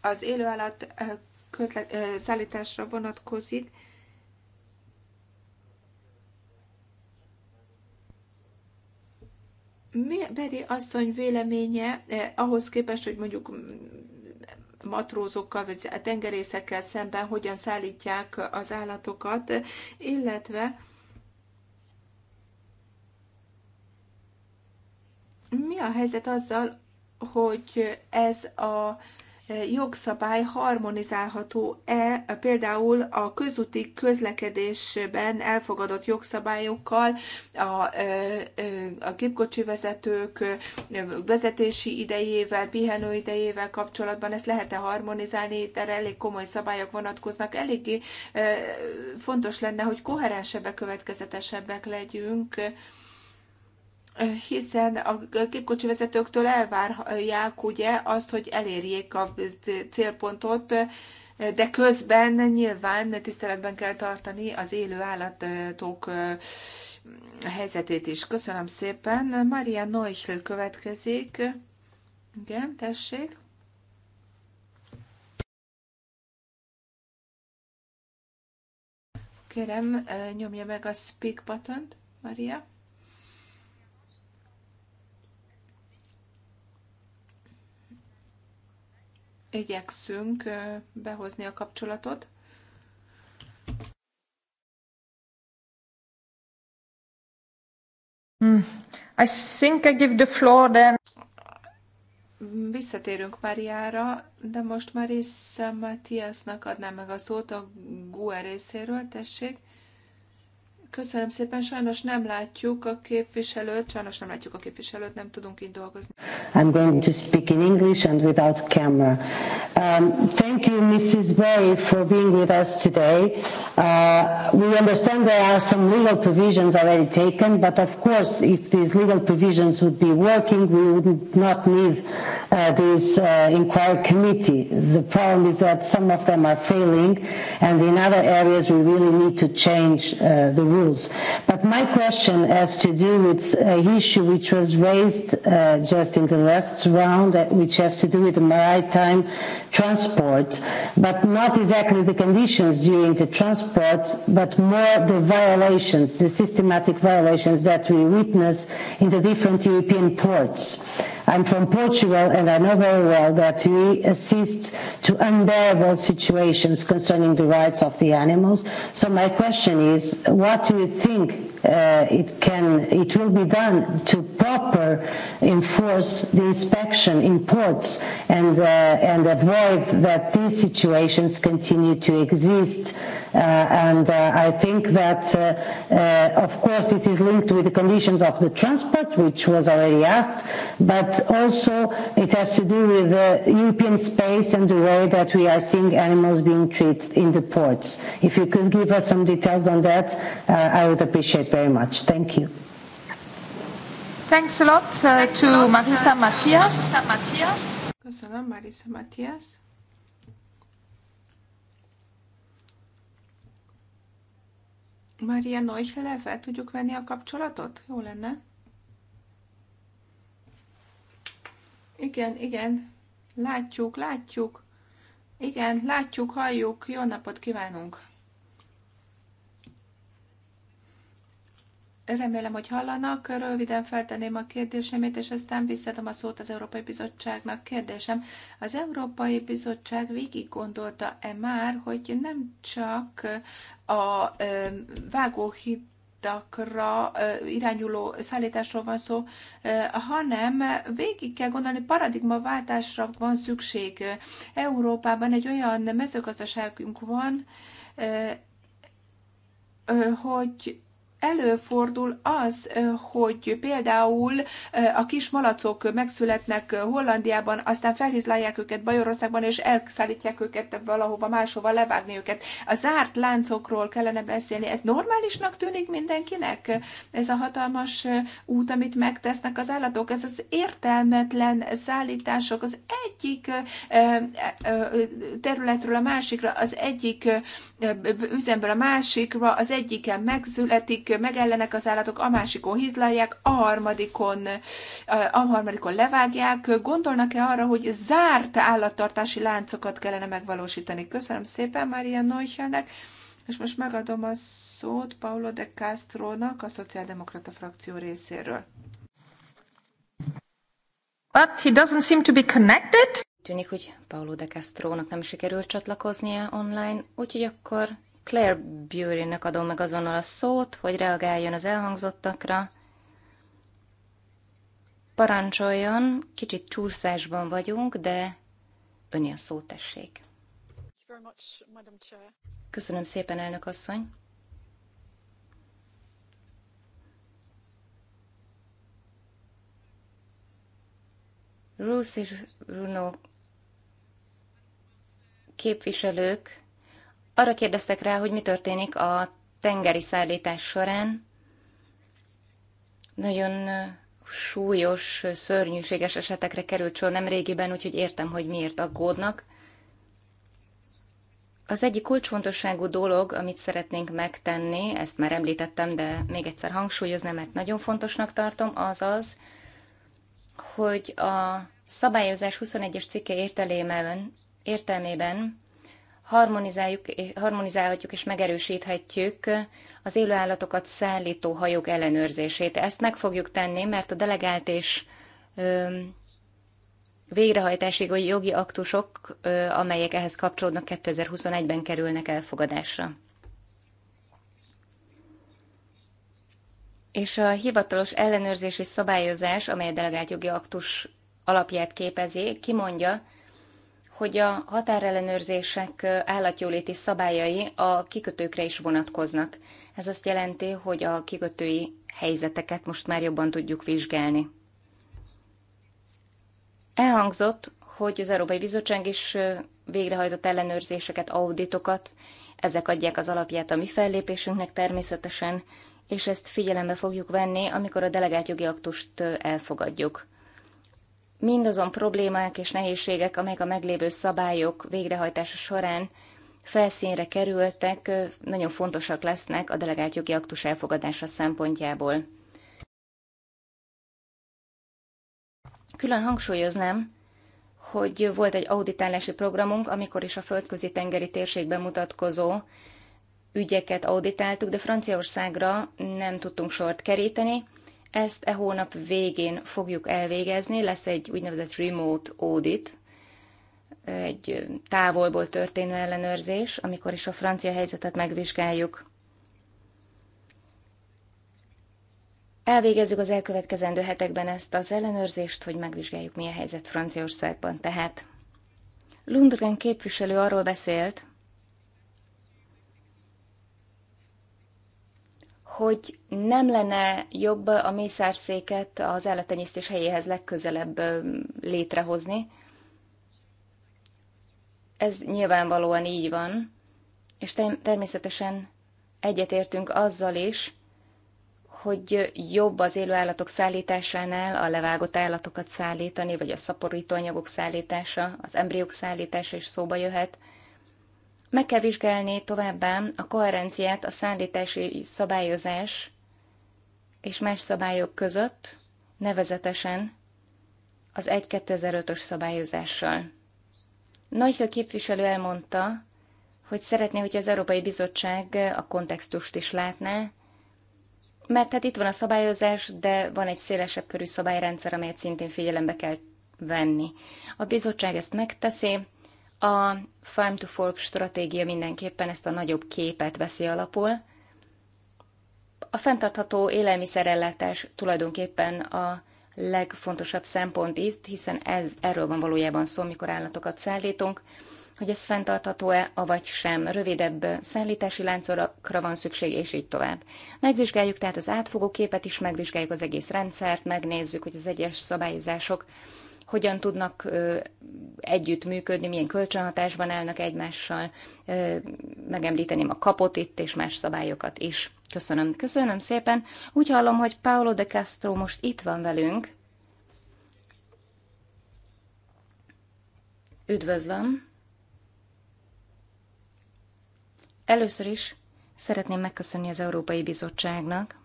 az élőállat eh, közle- eh, szállításra vonatkozik. Mi Beri asszony véleménye eh, ahhoz képest, hogy mondjuk matrózokkal vagy tengerészekkel szemben hogyan szállítják az állatokat, illetve Mi a helyzet azzal, hogy ez a jogszabály harmonizálható-e például a közúti közlekedésben elfogadott jogszabályokkal, a, a gépkocsi vezetők vezetési idejével, pihenő idejével kapcsolatban ezt lehet-e harmonizálni, erre elég komoly szabályok vonatkoznak. Eléggé fontos lenne, hogy koherensebbek, következetesebbek legyünk hiszen a gépkocsi vezetőktől elvárják ugye azt, hogy elérjék a célpontot, de közben nyilván tiszteletben kell tartani az élő állatok helyzetét is. Köszönöm szépen. Maria Neuchl következik. Igen, tessék. Kérem, nyomja meg a speak button Maria. igyekszünk behozni a kapcsolatot. Hmm. I think I give the floor then. Visszatérünk Máriára, de most Marissa Matiasnak adnám meg a szót a GUE részéről, tessék. Köszönöm szépen, sajnos nem látjuk a képviselőt, sajnos nem látjuk a képviselőt, nem tudunk így dolgozni. I'm going to speak in English and without camera. Um, thank you, Mrs. Bay, for being with us today. Uh, we understand there are some legal provisions already taken, but of course, if these legal provisions would be working, we would not need uh, this uh, inquiry committee. The problem is that some of them are failing, and in other areas, we really need to change uh, the rules rules. But my question has to do with an issue which was raised uh, just in the last round, which has to do with the maritime transport, but not exactly the conditions during the transport, but more the violations, the systematic violations that we witness in the different European ports I'm from Portugal and I know very well that we assist to unbearable situations concerning the rights of the animals. So my question is, what do you think uh, it can it will be done to proper enforce the inspection in ports and uh, and avoid that these situations continue to exist uh, and uh, I think that uh, uh, of course this is linked with the conditions of the transport which was already asked but also it has to do with the European space and the way that we are seeing animals being treated in the ports. If you could give us some details on that, uh, I would appreciate very much. Thank you. Thanks a lot uh, uh to Marisa Matias. Köszönöm, Marisa Matias. Maria Neufele, fel tudjuk venni a kapcsolatot? Jó lenne. Igen, igen. Látjuk, látjuk. Igen, látjuk, halljuk. Jó napot kívánunk! Remélem, hogy hallanak. Röviden feltenném a kérdésemet, és aztán visszadom a szót az Európai Bizottságnak. Kérdésem, az Európai Bizottság végig gondolta-e már, hogy nem csak a vágóhit irányuló szállításról van szó, hanem végig kell gondolni, paradigmaváltásra van szükség. Európában egy olyan mezőgazdaságunk van, hogy előfordul az, hogy például a kis malacok megszületnek Hollandiában, aztán felhizlálják őket Bajorországban, és elszállítják őket valahova máshova levágni őket. A zárt láncokról kellene beszélni. Ez normálisnak tűnik mindenkinek? Ez a hatalmas út, amit megtesznek az állatok, ez az értelmetlen szállítások, az egyik területről a másikra, az egyik üzemből a másikra, az egyiken megszületik, megellenek az állatok, a másikon hizlalják, a harmadikon, a harmadikon levágják. Gondolnak-e arra, hogy zárt állattartási láncokat kellene megvalósítani? Köszönöm szépen Mária Neuchelnek. És most megadom a szót Paulo de Castro-nak a Szociáldemokrata frakció részéről. But he doesn't seem to be connected. Tűnik, hogy Paulo de Castro-nak nem sikerült csatlakoznia online, úgyhogy akkor Claire Bury-nek adom meg azonnal a szót, hogy reagáljon az elhangzottakra. Parancsoljon, kicsit csúszásban vagyunk, de öni a szót tessék. Köszönöm szépen, elnök asszony. Rusz és Bruno képviselők arra kérdeztek rá, hogy mi történik a tengeri szállítás során. Nagyon súlyos, szörnyűséges esetekre került sor nem régiben, úgyhogy értem, hogy miért aggódnak. Az egyik kulcsfontosságú dolog, amit szeretnénk megtenni, ezt már említettem, de még egyszer hangsúlyoznám, mert nagyon fontosnak tartom, az az, hogy a szabályozás 21-es cikke értelmében, értelmében harmonizáljuk, harmonizálhatjuk és megerősíthetjük az élőállatokat szállító hajók ellenőrzését. Ezt meg fogjuk tenni, mert a delegált és végrehajtási jogi aktusok, amelyek ehhez kapcsolódnak, 2021-ben kerülnek elfogadásra. és a hivatalos ellenőrzés és szabályozás, amely a delegált jogi aktus alapját képezi, kimondja, hogy a határellenőrzések állatjóléti szabályai a kikötőkre is vonatkoznak. Ez azt jelenti, hogy a kikötői helyzeteket most már jobban tudjuk vizsgálni. Elhangzott, hogy az Európai Bizottság is végrehajtott ellenőrzéseket, auditokat, ezek adják az alapját a mi fellépésünknek természetesen, és ezt figyelembe fogjuk venni, amikor a delegált jogi aktust elfogadjuk. Mindazon problémák és nehézségek, amelyek a meglévő szabályok végrehajtása során felszínre kerültek, nagyon fontosak lesznek a delegált jogi aktus elfogadása szempontjából. Külön hangsúlyoznám, hogy volt egy auditálási programunk, amikor is a földközi tengeri térségben mutatkozó ügyeket auditáltuk, de Franciaországra nem tudtunk sort keríteni. Ezt e hónap végén fogjuk elvégezni, lesz egy úgynevezett remote audit, egy távolból történő ellenőrzés, amikor is a francia helyzetet megvizsgáljuk. Elvégezzük az elkövetkezendő hetekben ezt az ellenőrzést, hogy megvizsgáljuk, milyen helyzet Franciaországban. Tehát Lundgren képviselő arról beszélt, hogy nem lenne jobb a mészárszéket az állattenyésztés helyéhez legközelebb létrehozni. Ez nyilvánvalóan így van, és természetesen egyetértünk azzal is, hogy jobb az élő állatok szállításánál a levágott állatokat szállítani, vagy a szaporítóanyagok szállítása, az embriók szállítása is szóba jöhet – meg kell vizsgálni továbbá a koherenciát a szállítási szabályozás és más szabályok között, nevezetesen az 1-2005-ös szabályozással. Nagyra képviselő elmondta, hogy szeretné, hogy az Európai Bizottság a kontextust is látná, mert hát itt van a szabályozás, de van egy szélesebb körű szabályrendszer, amelyet szintén figyelembe kell venni. A bizottság ezt megteszi, a Farm to Fork stratégia mindenképpen ezt a nagyobb képet veszi alapul. A fenntartható élelmiszerellátás tulajdonképpen a legfontosabb szempont is, hiszen ez, erről van valójában szó, mikor állatokat szállítunk, hogy ez fenntartható-e, avagy sem. Rövidebb szállítási láncokra van szükség, és így tovább. Megvizsgáljuk tehát az átfogó képet is, megvizsgáljuk az egész rendszert, megnézzük, hogy az egyes szabályozások hogyan tudnak együtt működni, milyen kölcsönhatásban állnak egymással. Megemlíteném a kapot itt és más szabályokat is. Köszönöm, köszönöm szépen. Úgy hallom, hogy Paolo de Castro most itt van velünk. Üdvözlöm! Először is szeretném megköszönni az Európai Bizottságnak,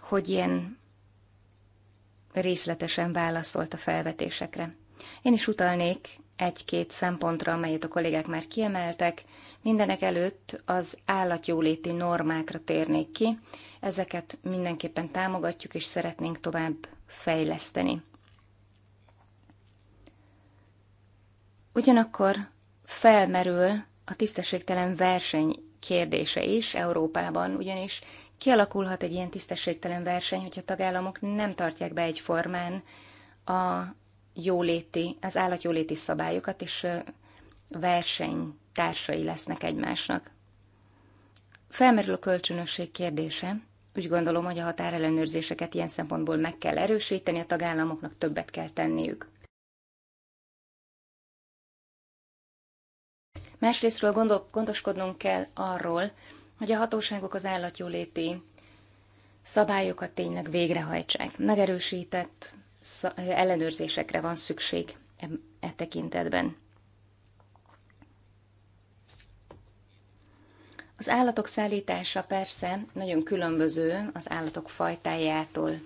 hogy ilyen részletesen válaszolt a felvetésekre. Én is utalnék egy-két szempontra, amelyet a kollégák már kiemeltek. Mindenek előtt az állatjóléti normákra térnék ki. Ezeket mindenképpen támogatjuk és szeretnénk tovább fejleszteni. Ugyanakkor felmerül a tisztességtelen verseny kérdése is Európában, ugyanis Kialakulhat egy ilyen tisztességtelen verseny, hogyha a tagállamok nem tartják be egyformán a jóléti, az állatjóléti szabályokat, és versenytársai lesznek egymásnak. Felmerül a kölcsönösség kérdése. Úgy gondolom, hogy a határellenőrzéseket ilyen szempontból meg kell erősíteni, a tagállamoknak többet kell tenniük. Másrésztről gondol, gondoskodnunk kell arról, hogy a hatóságok az állatjóléti szabályokat tényleg végrehajtsák. Megerősített ellenőrzésekre van szükség e, e tekintetben. Az állatok szállítása persze nagyon különböző az állatok fajtájától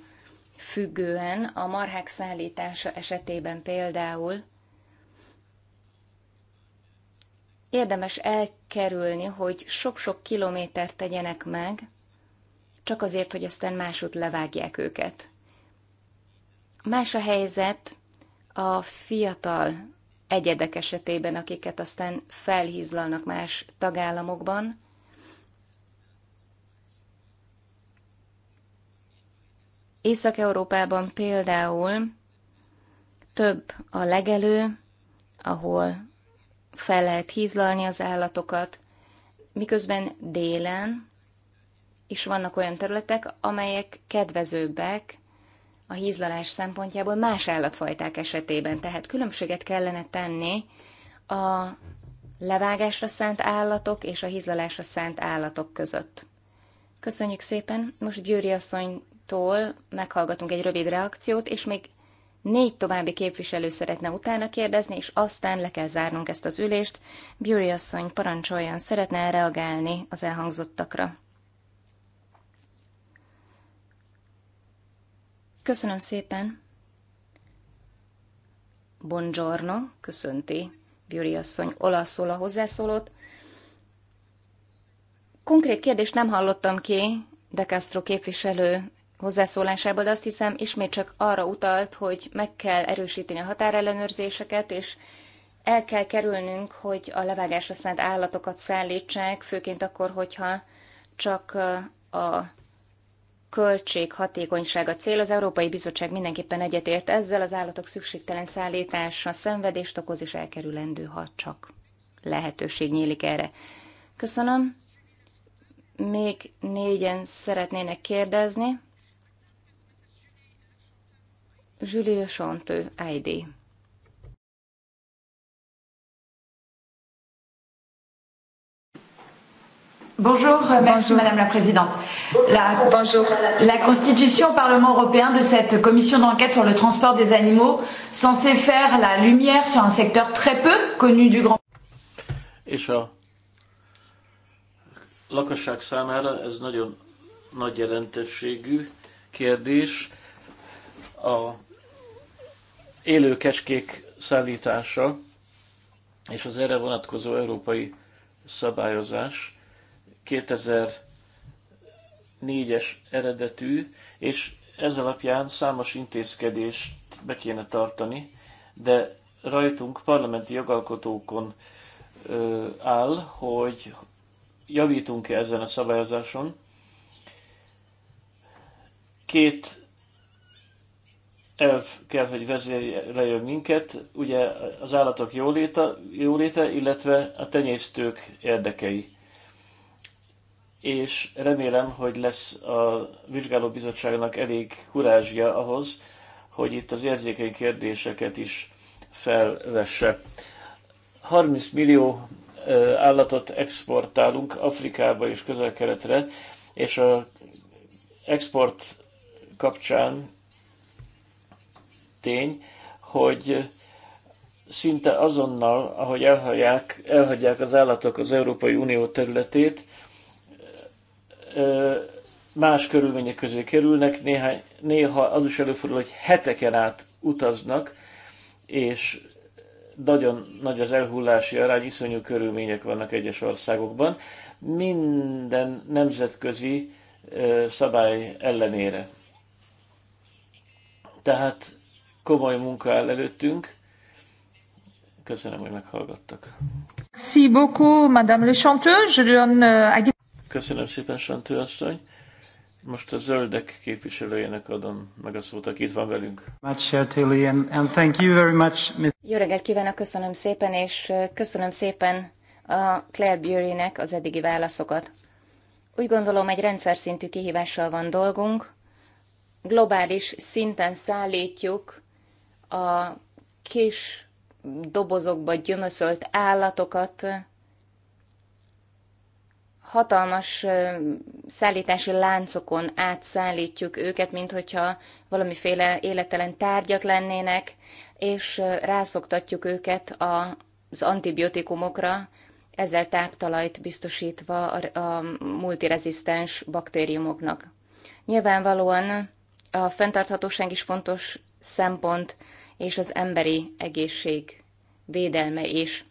függően. A marhák szállítása esetében például érdemes elkerülni, hogy sok-sok kilométert tegyenek meg, csak azért, hogy aztán másút levágják őket. Más a helyzet a fiatal egyedek esetében, akiket aztán felhízlalnak más tagállamokban. Észak-Európában például több a legelő, ahol fel lehet hízlalni az állatokat, miközben délen is vannak olyan területek, amelyek kedvezőbbek a hízlalás szempontjából más állatfajták esetében. Tehát különbséget kellene tenni a levágásra szánt állatok és a hízlalásra szánt állatok között. Köszönjük szépen! Most Győri asszonytól meghallgatunk egy rövid reakciót, és még Négy további képviselő szeretne utána kérdezni, és aztán le kell zárnunk ezt az ülést. Bury asszony parancsoljon, szeretne reagálni az elhangzottakra. Köszönöm szépen. Buongiorno, köszönti Bury asszony olaszul a hozzászólót. Konkrét kérdést nem hallottam ki, de Castro képviselő hozzászólásából, de azt hiszem ismét csak arra utalt, hogy meg kell erősíteni a határellenőrzéseket, és el kell kerülnünk, hogy a levágásra szánt állatokat szállítsák, főként akkor, hogyha csak a költség hatékonysága cél. Az Európai Bizottság mindenképpen egyetért ezzel, az állatok szükségtelen szállítása szenvedést okoz és elkerülendő, ha csak lehetőség nyílik erre. Köszönöm. Még négyen szeretnének kérdezni. Julie Le Chante, ID. Bonjour, merci Bonjour. Madame la Présidente. La, Bonjour. la constitution au Parlement européen de cette commission d'enquête sur le transport des animaux, censée faire la lumière sur un secteur très peu connu du grand. public. Et lakosság számára ez nagyon très jelentőségű kérdés. A élő kecskék szállítása és az erre vonatkozó európai szabályozás 2004-es eredetű, és ez alapján számos intézkedést be kéne tartani, de rajtunk, parlamenti jogalkotókon ö, áll, hogy javítunk-e ezen a szabályozáson. Két elv kell, hogy vezérelje minket, ugye az állatok jóléte, jóléte, illetve a tenyésztők érdekei. És remélem, hogy lesz a vizsgálóbizottságnak elég kurázsja ahhoz, hogy itt az érzékeny kérdéseket is felvesse. 30 millió állatot exportálunk Afrikába és közel-keletre, és a export kapcsán tény, hogy szinte azonnal, ahogy elhagyják, elhagyják az állatok az Európai Unió területét, más körülmények közé kerülnek, néhány, néha az is előfordul, hogy heteken át utaznak, és nagyon nagy az elhullási arány, iszonyú körülmények vannak egyes országokban, minden nemzetközi szabály ellenére. Tehát komoly munka áll előttünk. Köszönöm, hogy meghallgattak. Merci beaucoup, Madame le Chanteuse. Je euh, Köszönöm szépen, Santő asszony. Most a zöldek képviselőjének adom meg a szót, aki itt van velünk. Jó reggelt kívánok, köszönöm szépen, és köszönöm szépen a Claire Bury-nek az eddigi válaszokat. Úgy gondolom, egy rendszer szintű kihívással van dolgunk. Globális szinten szállítjuk a kis dobozokba gyömöszölt állatokat hatalmas szállítási láncokon átszállítjuk őket, mint hogyha valamiféle életelen tárgyak lennének, és rászoktatjuk őket az antibiotikumokra, ezzel táptalajt biztosítva a multirezisztens baktériumoknak. Nyilvánvalóan a fenntarthatóság is fontos szempont, és az emberi egészség védelme is.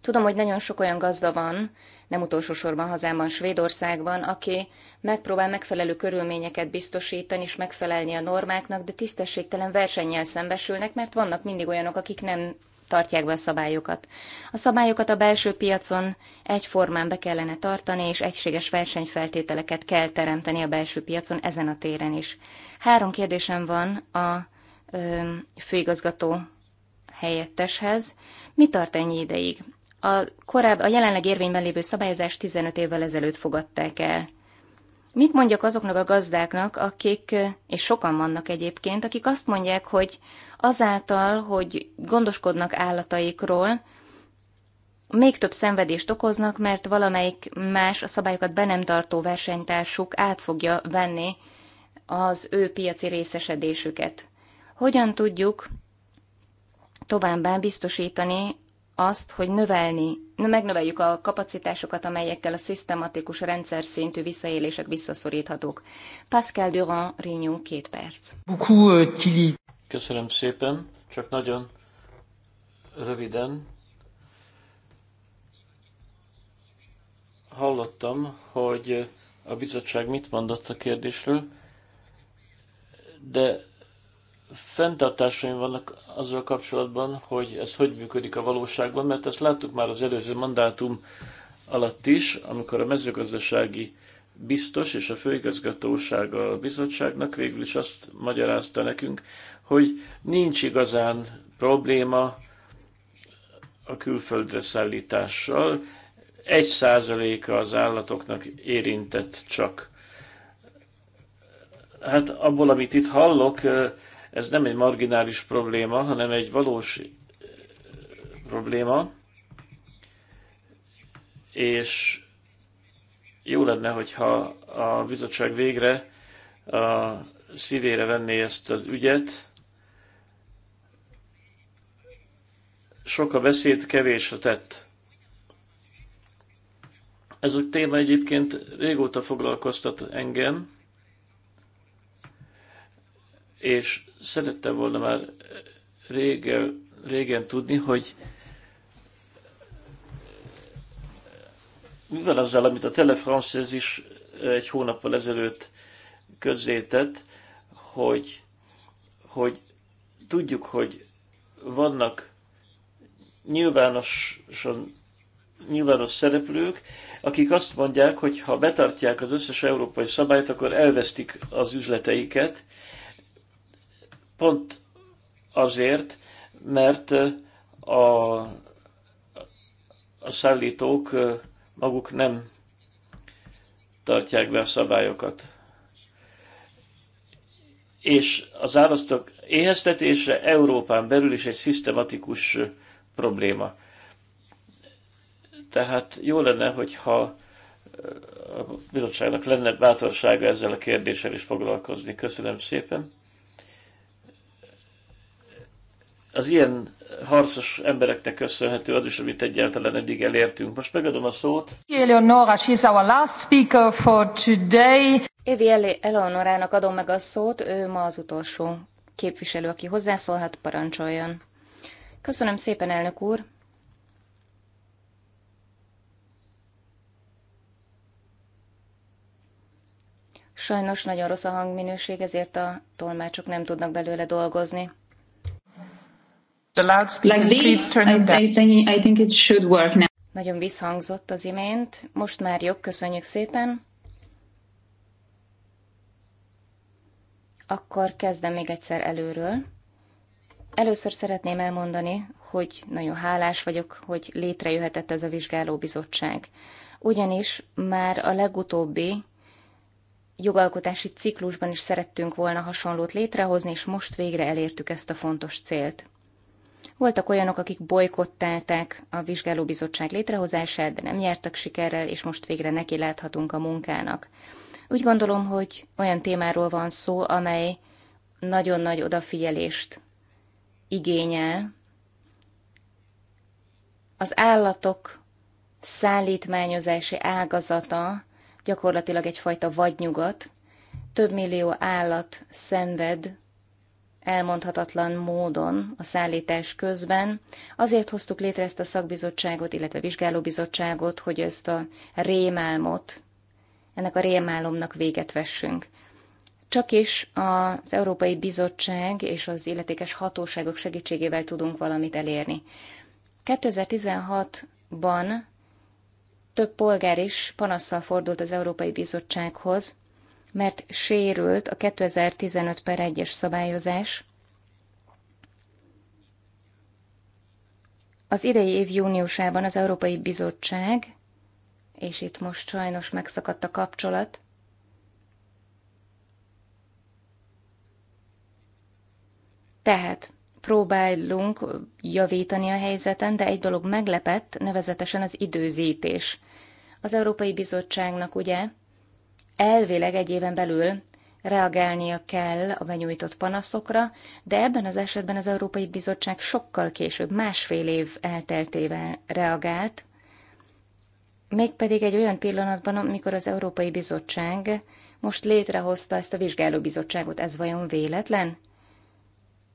Tudom, hogy nagyon sok olyan gazda van, nem utolsó sorban hazámban, Svédországban, aki megpróbál megfelelő körülményeket biztosítani és megfelelni a normáknak, de tisztességtelen versennyel szembesülnek, mert vannak mindig olyanok, akik nem tartják be a szabályokat. A szabályokat a belső piacon egyformán be kellene tartani, és egységes versenyfeltételeket kell teremteni a belső piacon ezen a téren is. Három kérdésem van a főigazgató helyetteshez. Mi tart ennyi ideig? A, korábbi, a jelenleg érvényben lévő szabályozást 15 évvel ezelőtt fogadták el. Mit mondjak azoknak a gazdáknak, akik, és sokan vannak egyébként, akik azt mondják, hogy azáltal, hogy gondoskodnak állataikról, még több szenvedést okoznak, mert valamelyik más a szabályokat be nem tartó versenytársuk át fogja venni az ő piaci részesedésüket. Hogyan tudjuk továbbá biztosítani azt, hogy növelni, megnöveljük a kapacitásokat, amelyekkel a szisztematikus rendszer szintű visszaélések visszaszoríthatók. Pascal Durand, Renew, két perc. Euh, Köszönöm szépen, csak nagyon röviden. Hallottam, hogy a bizottság mit mondott a kérdésről, de fenntartásaim vannak azzal kapcsolatban, hogy ez hogy működik a valóságban, mert ezt láttuk már az előző mandátum alatt is, amikor a mezőgazdasági biztos és a főigazgatóság a bizottságnak végül is azt magyarázta nekünk, hogy nincs igazán probléma a külföldre szállítással. Egy százaléka az állatoknak érintett csak. Hát abból, amit itt hallok, ez nem egy marginális probléma, hanem egy valós eh, probléma, és jó lenne, hogyha a bizottság végre a szívére venné ezt az ügyet. Sok a beszéd, kevés a tett. Ez a téma egyébként régóta foglalkoztat engem, és szerettem volna már régen, régen tudni, hogy mi van azzal, amit a Telefrancez is egy hónappal ezelőtt közzétett, hogy, hogy tudjuk, hogy vannak nyilvánosan nyilvános szereplők, akik azt mondják, hogy ha betartják az összes európai szabályt, akkor elvesztik az üzleteiket, Pont azért, mert a, a szállítók maguk nem tartják be a szabályokat. És az árasztok éheztetése Európán belül is egy szisztematikus probléma. Tehát jó lenne, hogyha a bizottságnak lenne bátorsága ezzel a kérdéssel is foglalkozni. Köszönöm szépen. Az ilyen harcos embereknek köszönhető az is, amit egyáltalán eddig elértünk. Most megadom a szót. Eleonora, she's our last speaker for today. Évi Eleonorának adom meg a szót, ő ma az utolsó képviselő, aki hozzászólhat, parancsoljon. Köszönöm szépen, elnök úr! Sajnos nagyon rossz a hangminőség, ezért a tolmácsok nem tudnak belőle dolgozni. The like this, turn I, I, think, I think it should work now. Nagyon visszhangzott az imént, most már jobb, köszönjük szépen. Akkor kezdem még egyszer előről. Először szeretném elmondani, hogy nagyon hálás vagyok, hogy létrejöhetett ez a vizsgálóbizottság. Ugyanis már a legutóbbi jogalkotási ciklusban is szerettünk volna hasonlót létrehozni, és most végre elértük ezt a fontos célt. Voltak olyanok, akik bolykottálták a vizsgálóbizottság létrehozását, de nem jártak sikerrel, és most végre neki láthatunk a munkának. Úgy gondolom, hogy olyan témáról van szó, amely nagyon nagy odafigyelést igényel. Az állatok szállítmányozási ágazata gyakorlatilag egyfajta vadnyugat, több millió állat szenved elmondhatatlan módon a szállítás közben. Azért hoztuk létre ezt a szakbizottságot, illetve vizsgálóbizottságot, hogy ezt a rémálmot, ennek a rémálomnak véget vessünk. Csak is az Európai Bizottság és az illetékes hatóságok segítségével tudunk valamit elérni. 2016-ban több polgár is panasszal fordult az Európai Bizottsághoz, mert sérült a 2015 per 1-es szabályozás. Az idei év júniusában az Európai Bizottság, és itt most sajnos megszakadt a kapcsolat, tehát próbálunk javítani a helyzeten, de egy dolog meglepett, nevezetesen az időzítés. Az Európai Bizottságnak ugye elvileg egy éven belül reagálnia kell a benyújtott panaszokra, de ebben az esetben az Európai Bizottság sokkal később, másfél év elteltével reagált, mégpedig egy olyan pillanatban, amikor az Európai Bizottság most létrehozta ezt a vizsgálóbizottságot, ez vajon véletlen?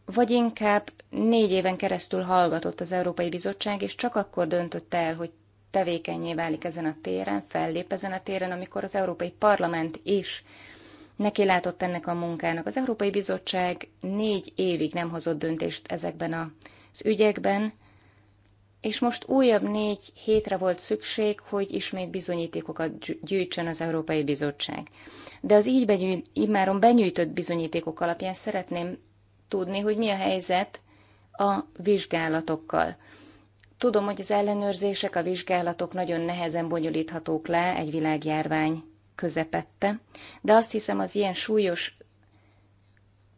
Vagy inkább négy éven keresztül hallgatott az Európai Bizottság, és csak akkor döntött el, hogy tevékenyé válik ezen a téren, fellép ezen a téren, amikor az Európai Parlament is neki látott ennek a munkának. Az Európai Bizottság négy évig nem hozott döntést ezekben az ügyekben, és most újabb négy hétre volt szükség, hogy ismét bizonyítékokat gyűjtsön az Európai Bizottság. De az így benyű, immáron benyújtott bizonyítékok alapján szeretném tudni, hogy mi a helyzet a vizsgálatokkal. Tudom, hogy az ellenőrzések, a vizsgálatok nagyon nehezen bonyolíthatók le egy világjárvány közepette, de azt hiszem az ilyen súlyos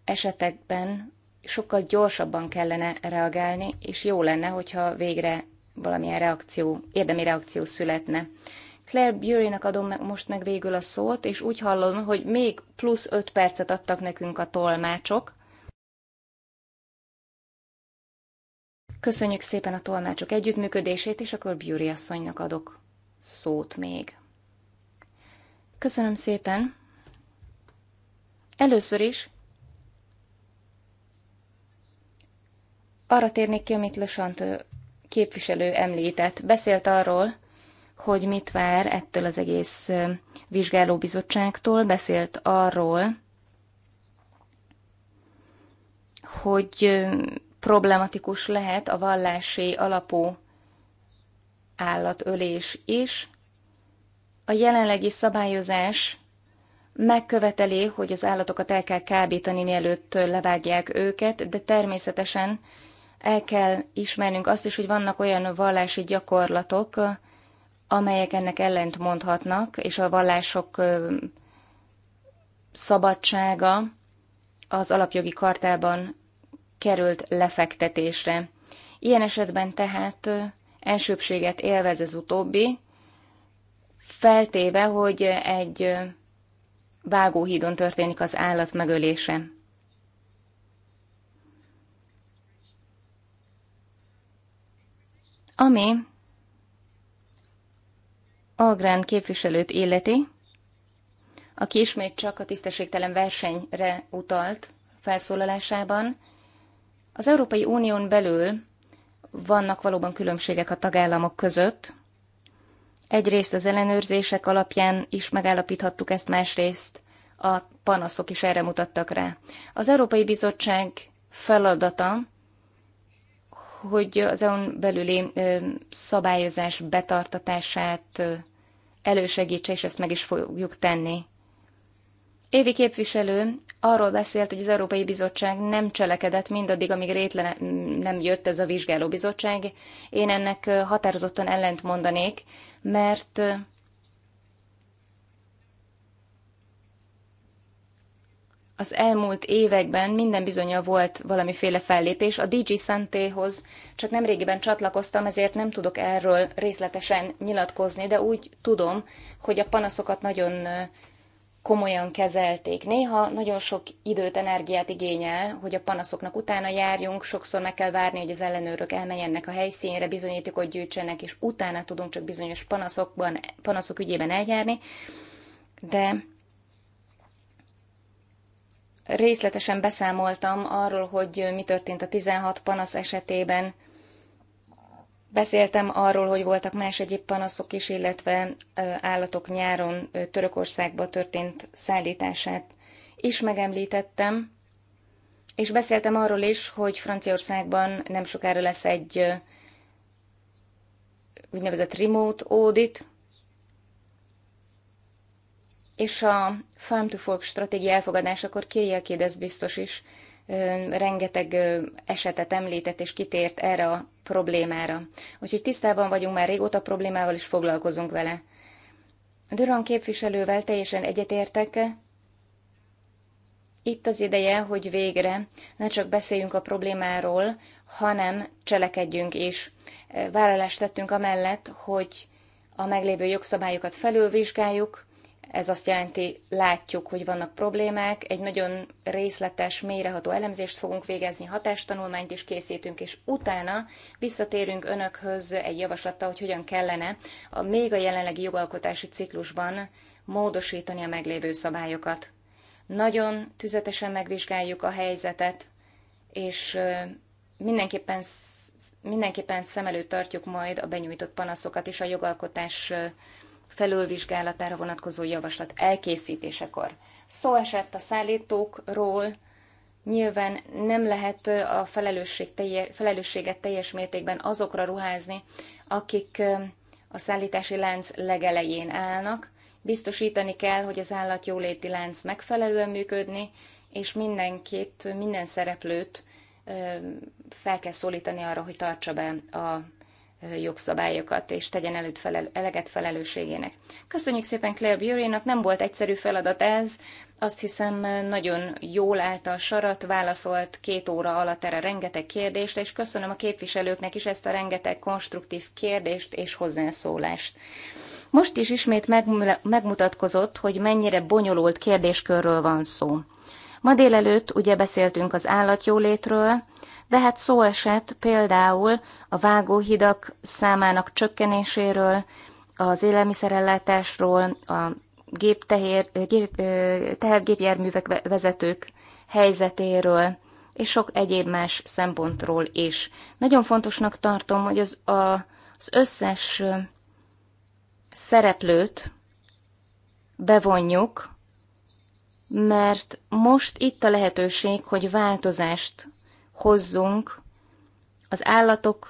esetekben sokkal gyorsabban kellene reagálni, és jó lenne, hogyha végre valamilyen reakció, érdemi reakció születne. Claire Bury-nak adom meg, most meg végül a szót, és úgy hallom, hogy még plusz öt percet adtak nekünk a tolmácsok, Köszönjük szépen a tolmácsok együttműködését, és akkor Bjuri asszonynak adok szót még. Köszönöm szépen. Először is arra térnék ki, amit Lösant képviselő említett. Beszélt arról, hogy mit vár ettől az egész vizsgálóbizottságtól, beszélt arról, hogy problematikus lehet a vallási alapú állatölés is. A jelenlegi szabályozás megköveteli, hogy az állatokat el kell kábítani, mielőtt levágják őket, de természetesen el kell ismernünk azt is, hogy vannak olyan vallási gyakorlatok, amelyek ennek ellent mondhatnak, és a vallások szabadsága az alapjogi kartában került lefektetésre. Ilyen esetben tehát elsőbséget élvez az utóbbi, feltéve, hogy egy vágóhídon történik az állat megölése. Ami Agrán képviselőt illeti, aki ismét csak a tisztességtelen versenyre utalt felszólalásában, az Európai Unión belül vannak valóban különbségek a tagállamok között. Egyrészt az ellenőrzések alapján is megállapíthattuk ezt, másrészt a panaszok is erre mutattak rá. Az Európai Bizottság feladata, hogy az EU-n belüli szabályozás betartatását elősegítse, és ezt meg is fogjuk tenni. Évi képviselő arról beszélt, hogy az Európai Bizottság nem cselekedett mindaddig, amíg rétlen nem jött ez a bizottság. Én ennek határozottan ellent mondanék, mert az elmúlt években minden bizonyal volt valamiféle fellépés. A DG Santéhoz csak nemrégiben csatlakoztam, ezért nem tudok erről részletesen nyilatkozni, de úgy tudom, hogy a panaszokat nagyon komolyan kezelték. Néha nagyon sok időt, energiát igényel, hogy a panaszoknak utána járjunk, sokszor meg kell várni, hogy az ellenőrök elmenjenek a helyszínre, bizonyítékot gyűjtsenek, és utána tudunk csak bizonyos panaszokban, panaszok ügyében eljárni. De részletesen beszámoltam arról, hogy mi történt a 16 panasz esetében, Beszéltem arról, hogy voltak más egyéb panaszok is, illetve állatok nyáron Törökországba történt szállítását is megemlítettem, és beszéltem arról is, hogy Franciaországban nem sokára lesz egy úgynevezett remote audit, és a Farm to Fork stratégia elfogadásakor Kiriakidesz biztos is rengeteg esetet említett és kitért erre a problémára. Úgyhogy tisztában vagyunk már régóta problémával, és foglalkozunk vele. Duran képviselővel teljesen egyetértek. Itt az ideje, hogy végre ne csak beszéljünk a problémáról, hanem cselekedjünk is. Vállalást tettünk amellett, hogy a meglévő jogszabályokat felülvizsgáljuk, ez azt jelenti, látjuk, hogy vannak problémák, egy nagyon részletes, mélyreható elemzést fogunk végezni, hatástanulmányt is készítünk, és utána visszatérünk önökhöz egy javaslattal, hogy hogyan kellene a még a jelenlegi jogalkotási ciklusban módosítani a meglévő szabályokat. Nagyon tüzetesen megvizsgáljuk a helyzetet, és mindenképpen, mindenképpen szem előtt tartjuk majd a benyújtott panaszokat és a jogalkotás felülvizsgálatára vonatkozó javaslat elkészítésekor. Szó esett a szállítókról, nyilván nem lehet a felelősség telje, felelősséget teljes mértékben azokra ruházni, akik a szállítási lánc legelején állnak. Biztosítani kell, hogy az állatjóléti lánc megfelelően működni, és mindenkit, minden szereplőt fel kell szólítani arra, hogy tartsa be a jogszabályokat, és tegyen előtt felel, eleget felelősségének. Köszönjük szépen Claire Bury-nak, nem volt egyszerű feladat ez, azt hiszem nagyon jól állt a sarat, válaszolt két óra alatt erre rengeteg kérdést, és köszönöm a képviselőknek is ezt a rengeteg konstruktív kérdést és hozzászólást. Most is ismét megmutatkozott, hogy mennyire bonyolult kérdéskörről van szó. Ma délelőtt ugye beszéltünk az állatjólétről, de hát szó esett például a vágóhidak számának csökkenéséről, az élelmiszerellátásról, a géptehér, gép, tehergépjárművek vezetők helyzetéről, és sok egyéb más szempontról is. Nagyon fontosnak tartom, hogy az, a, az összes szereplőt bevonjuk, mert most itt a lehetőség, hogy változást hozzunk az állatok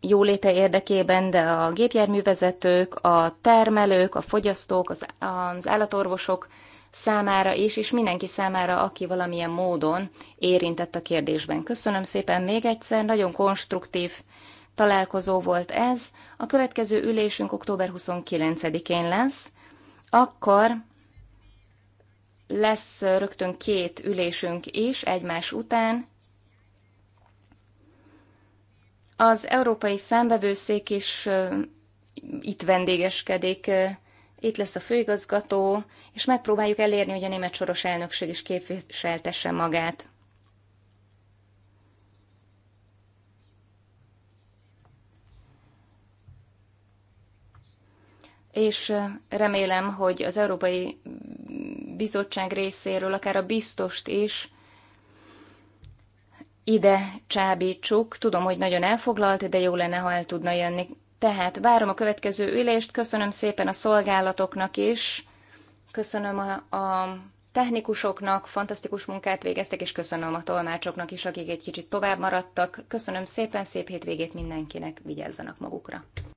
jóléte érdekében, de a gépjárművezetők, a termelők, a fogyasztók, az, az állatorvosok számára is, és mindenki számára, aki valamilyen módon érintett a kérdésben. Köszönöm szépen még egyszer, nagyon konstruktív találkozó volt ez. A következő ülésünk október 29-én lesz, akkor lesz rögtön két ülésünk is egymás után, az Európai Szembevőszék is itt vendégeskedik, itt lesz a főigazgató, és megpróbáljuk elérni, hogy a német soros elnökség is képviseltesse magát. és remélem, hogy az Európai Bizottság részéről akár a biztost is ide csábítsuk. Tudom, hogy nagyon elfoglalt, de jó lenne, ha el tudna jönni. Tehát várom a következő ülést, köszönöm szépen a szolgálatoknak is, köszönöm a, a technikusoknak, fantasztikus munkát végeztek, és köszönöm a tolmácsoknak is, akik egy kicsit tovább maradtak. Köszönöm szépen, szép hétvégét mindenkinek, vigyázzanak magukra!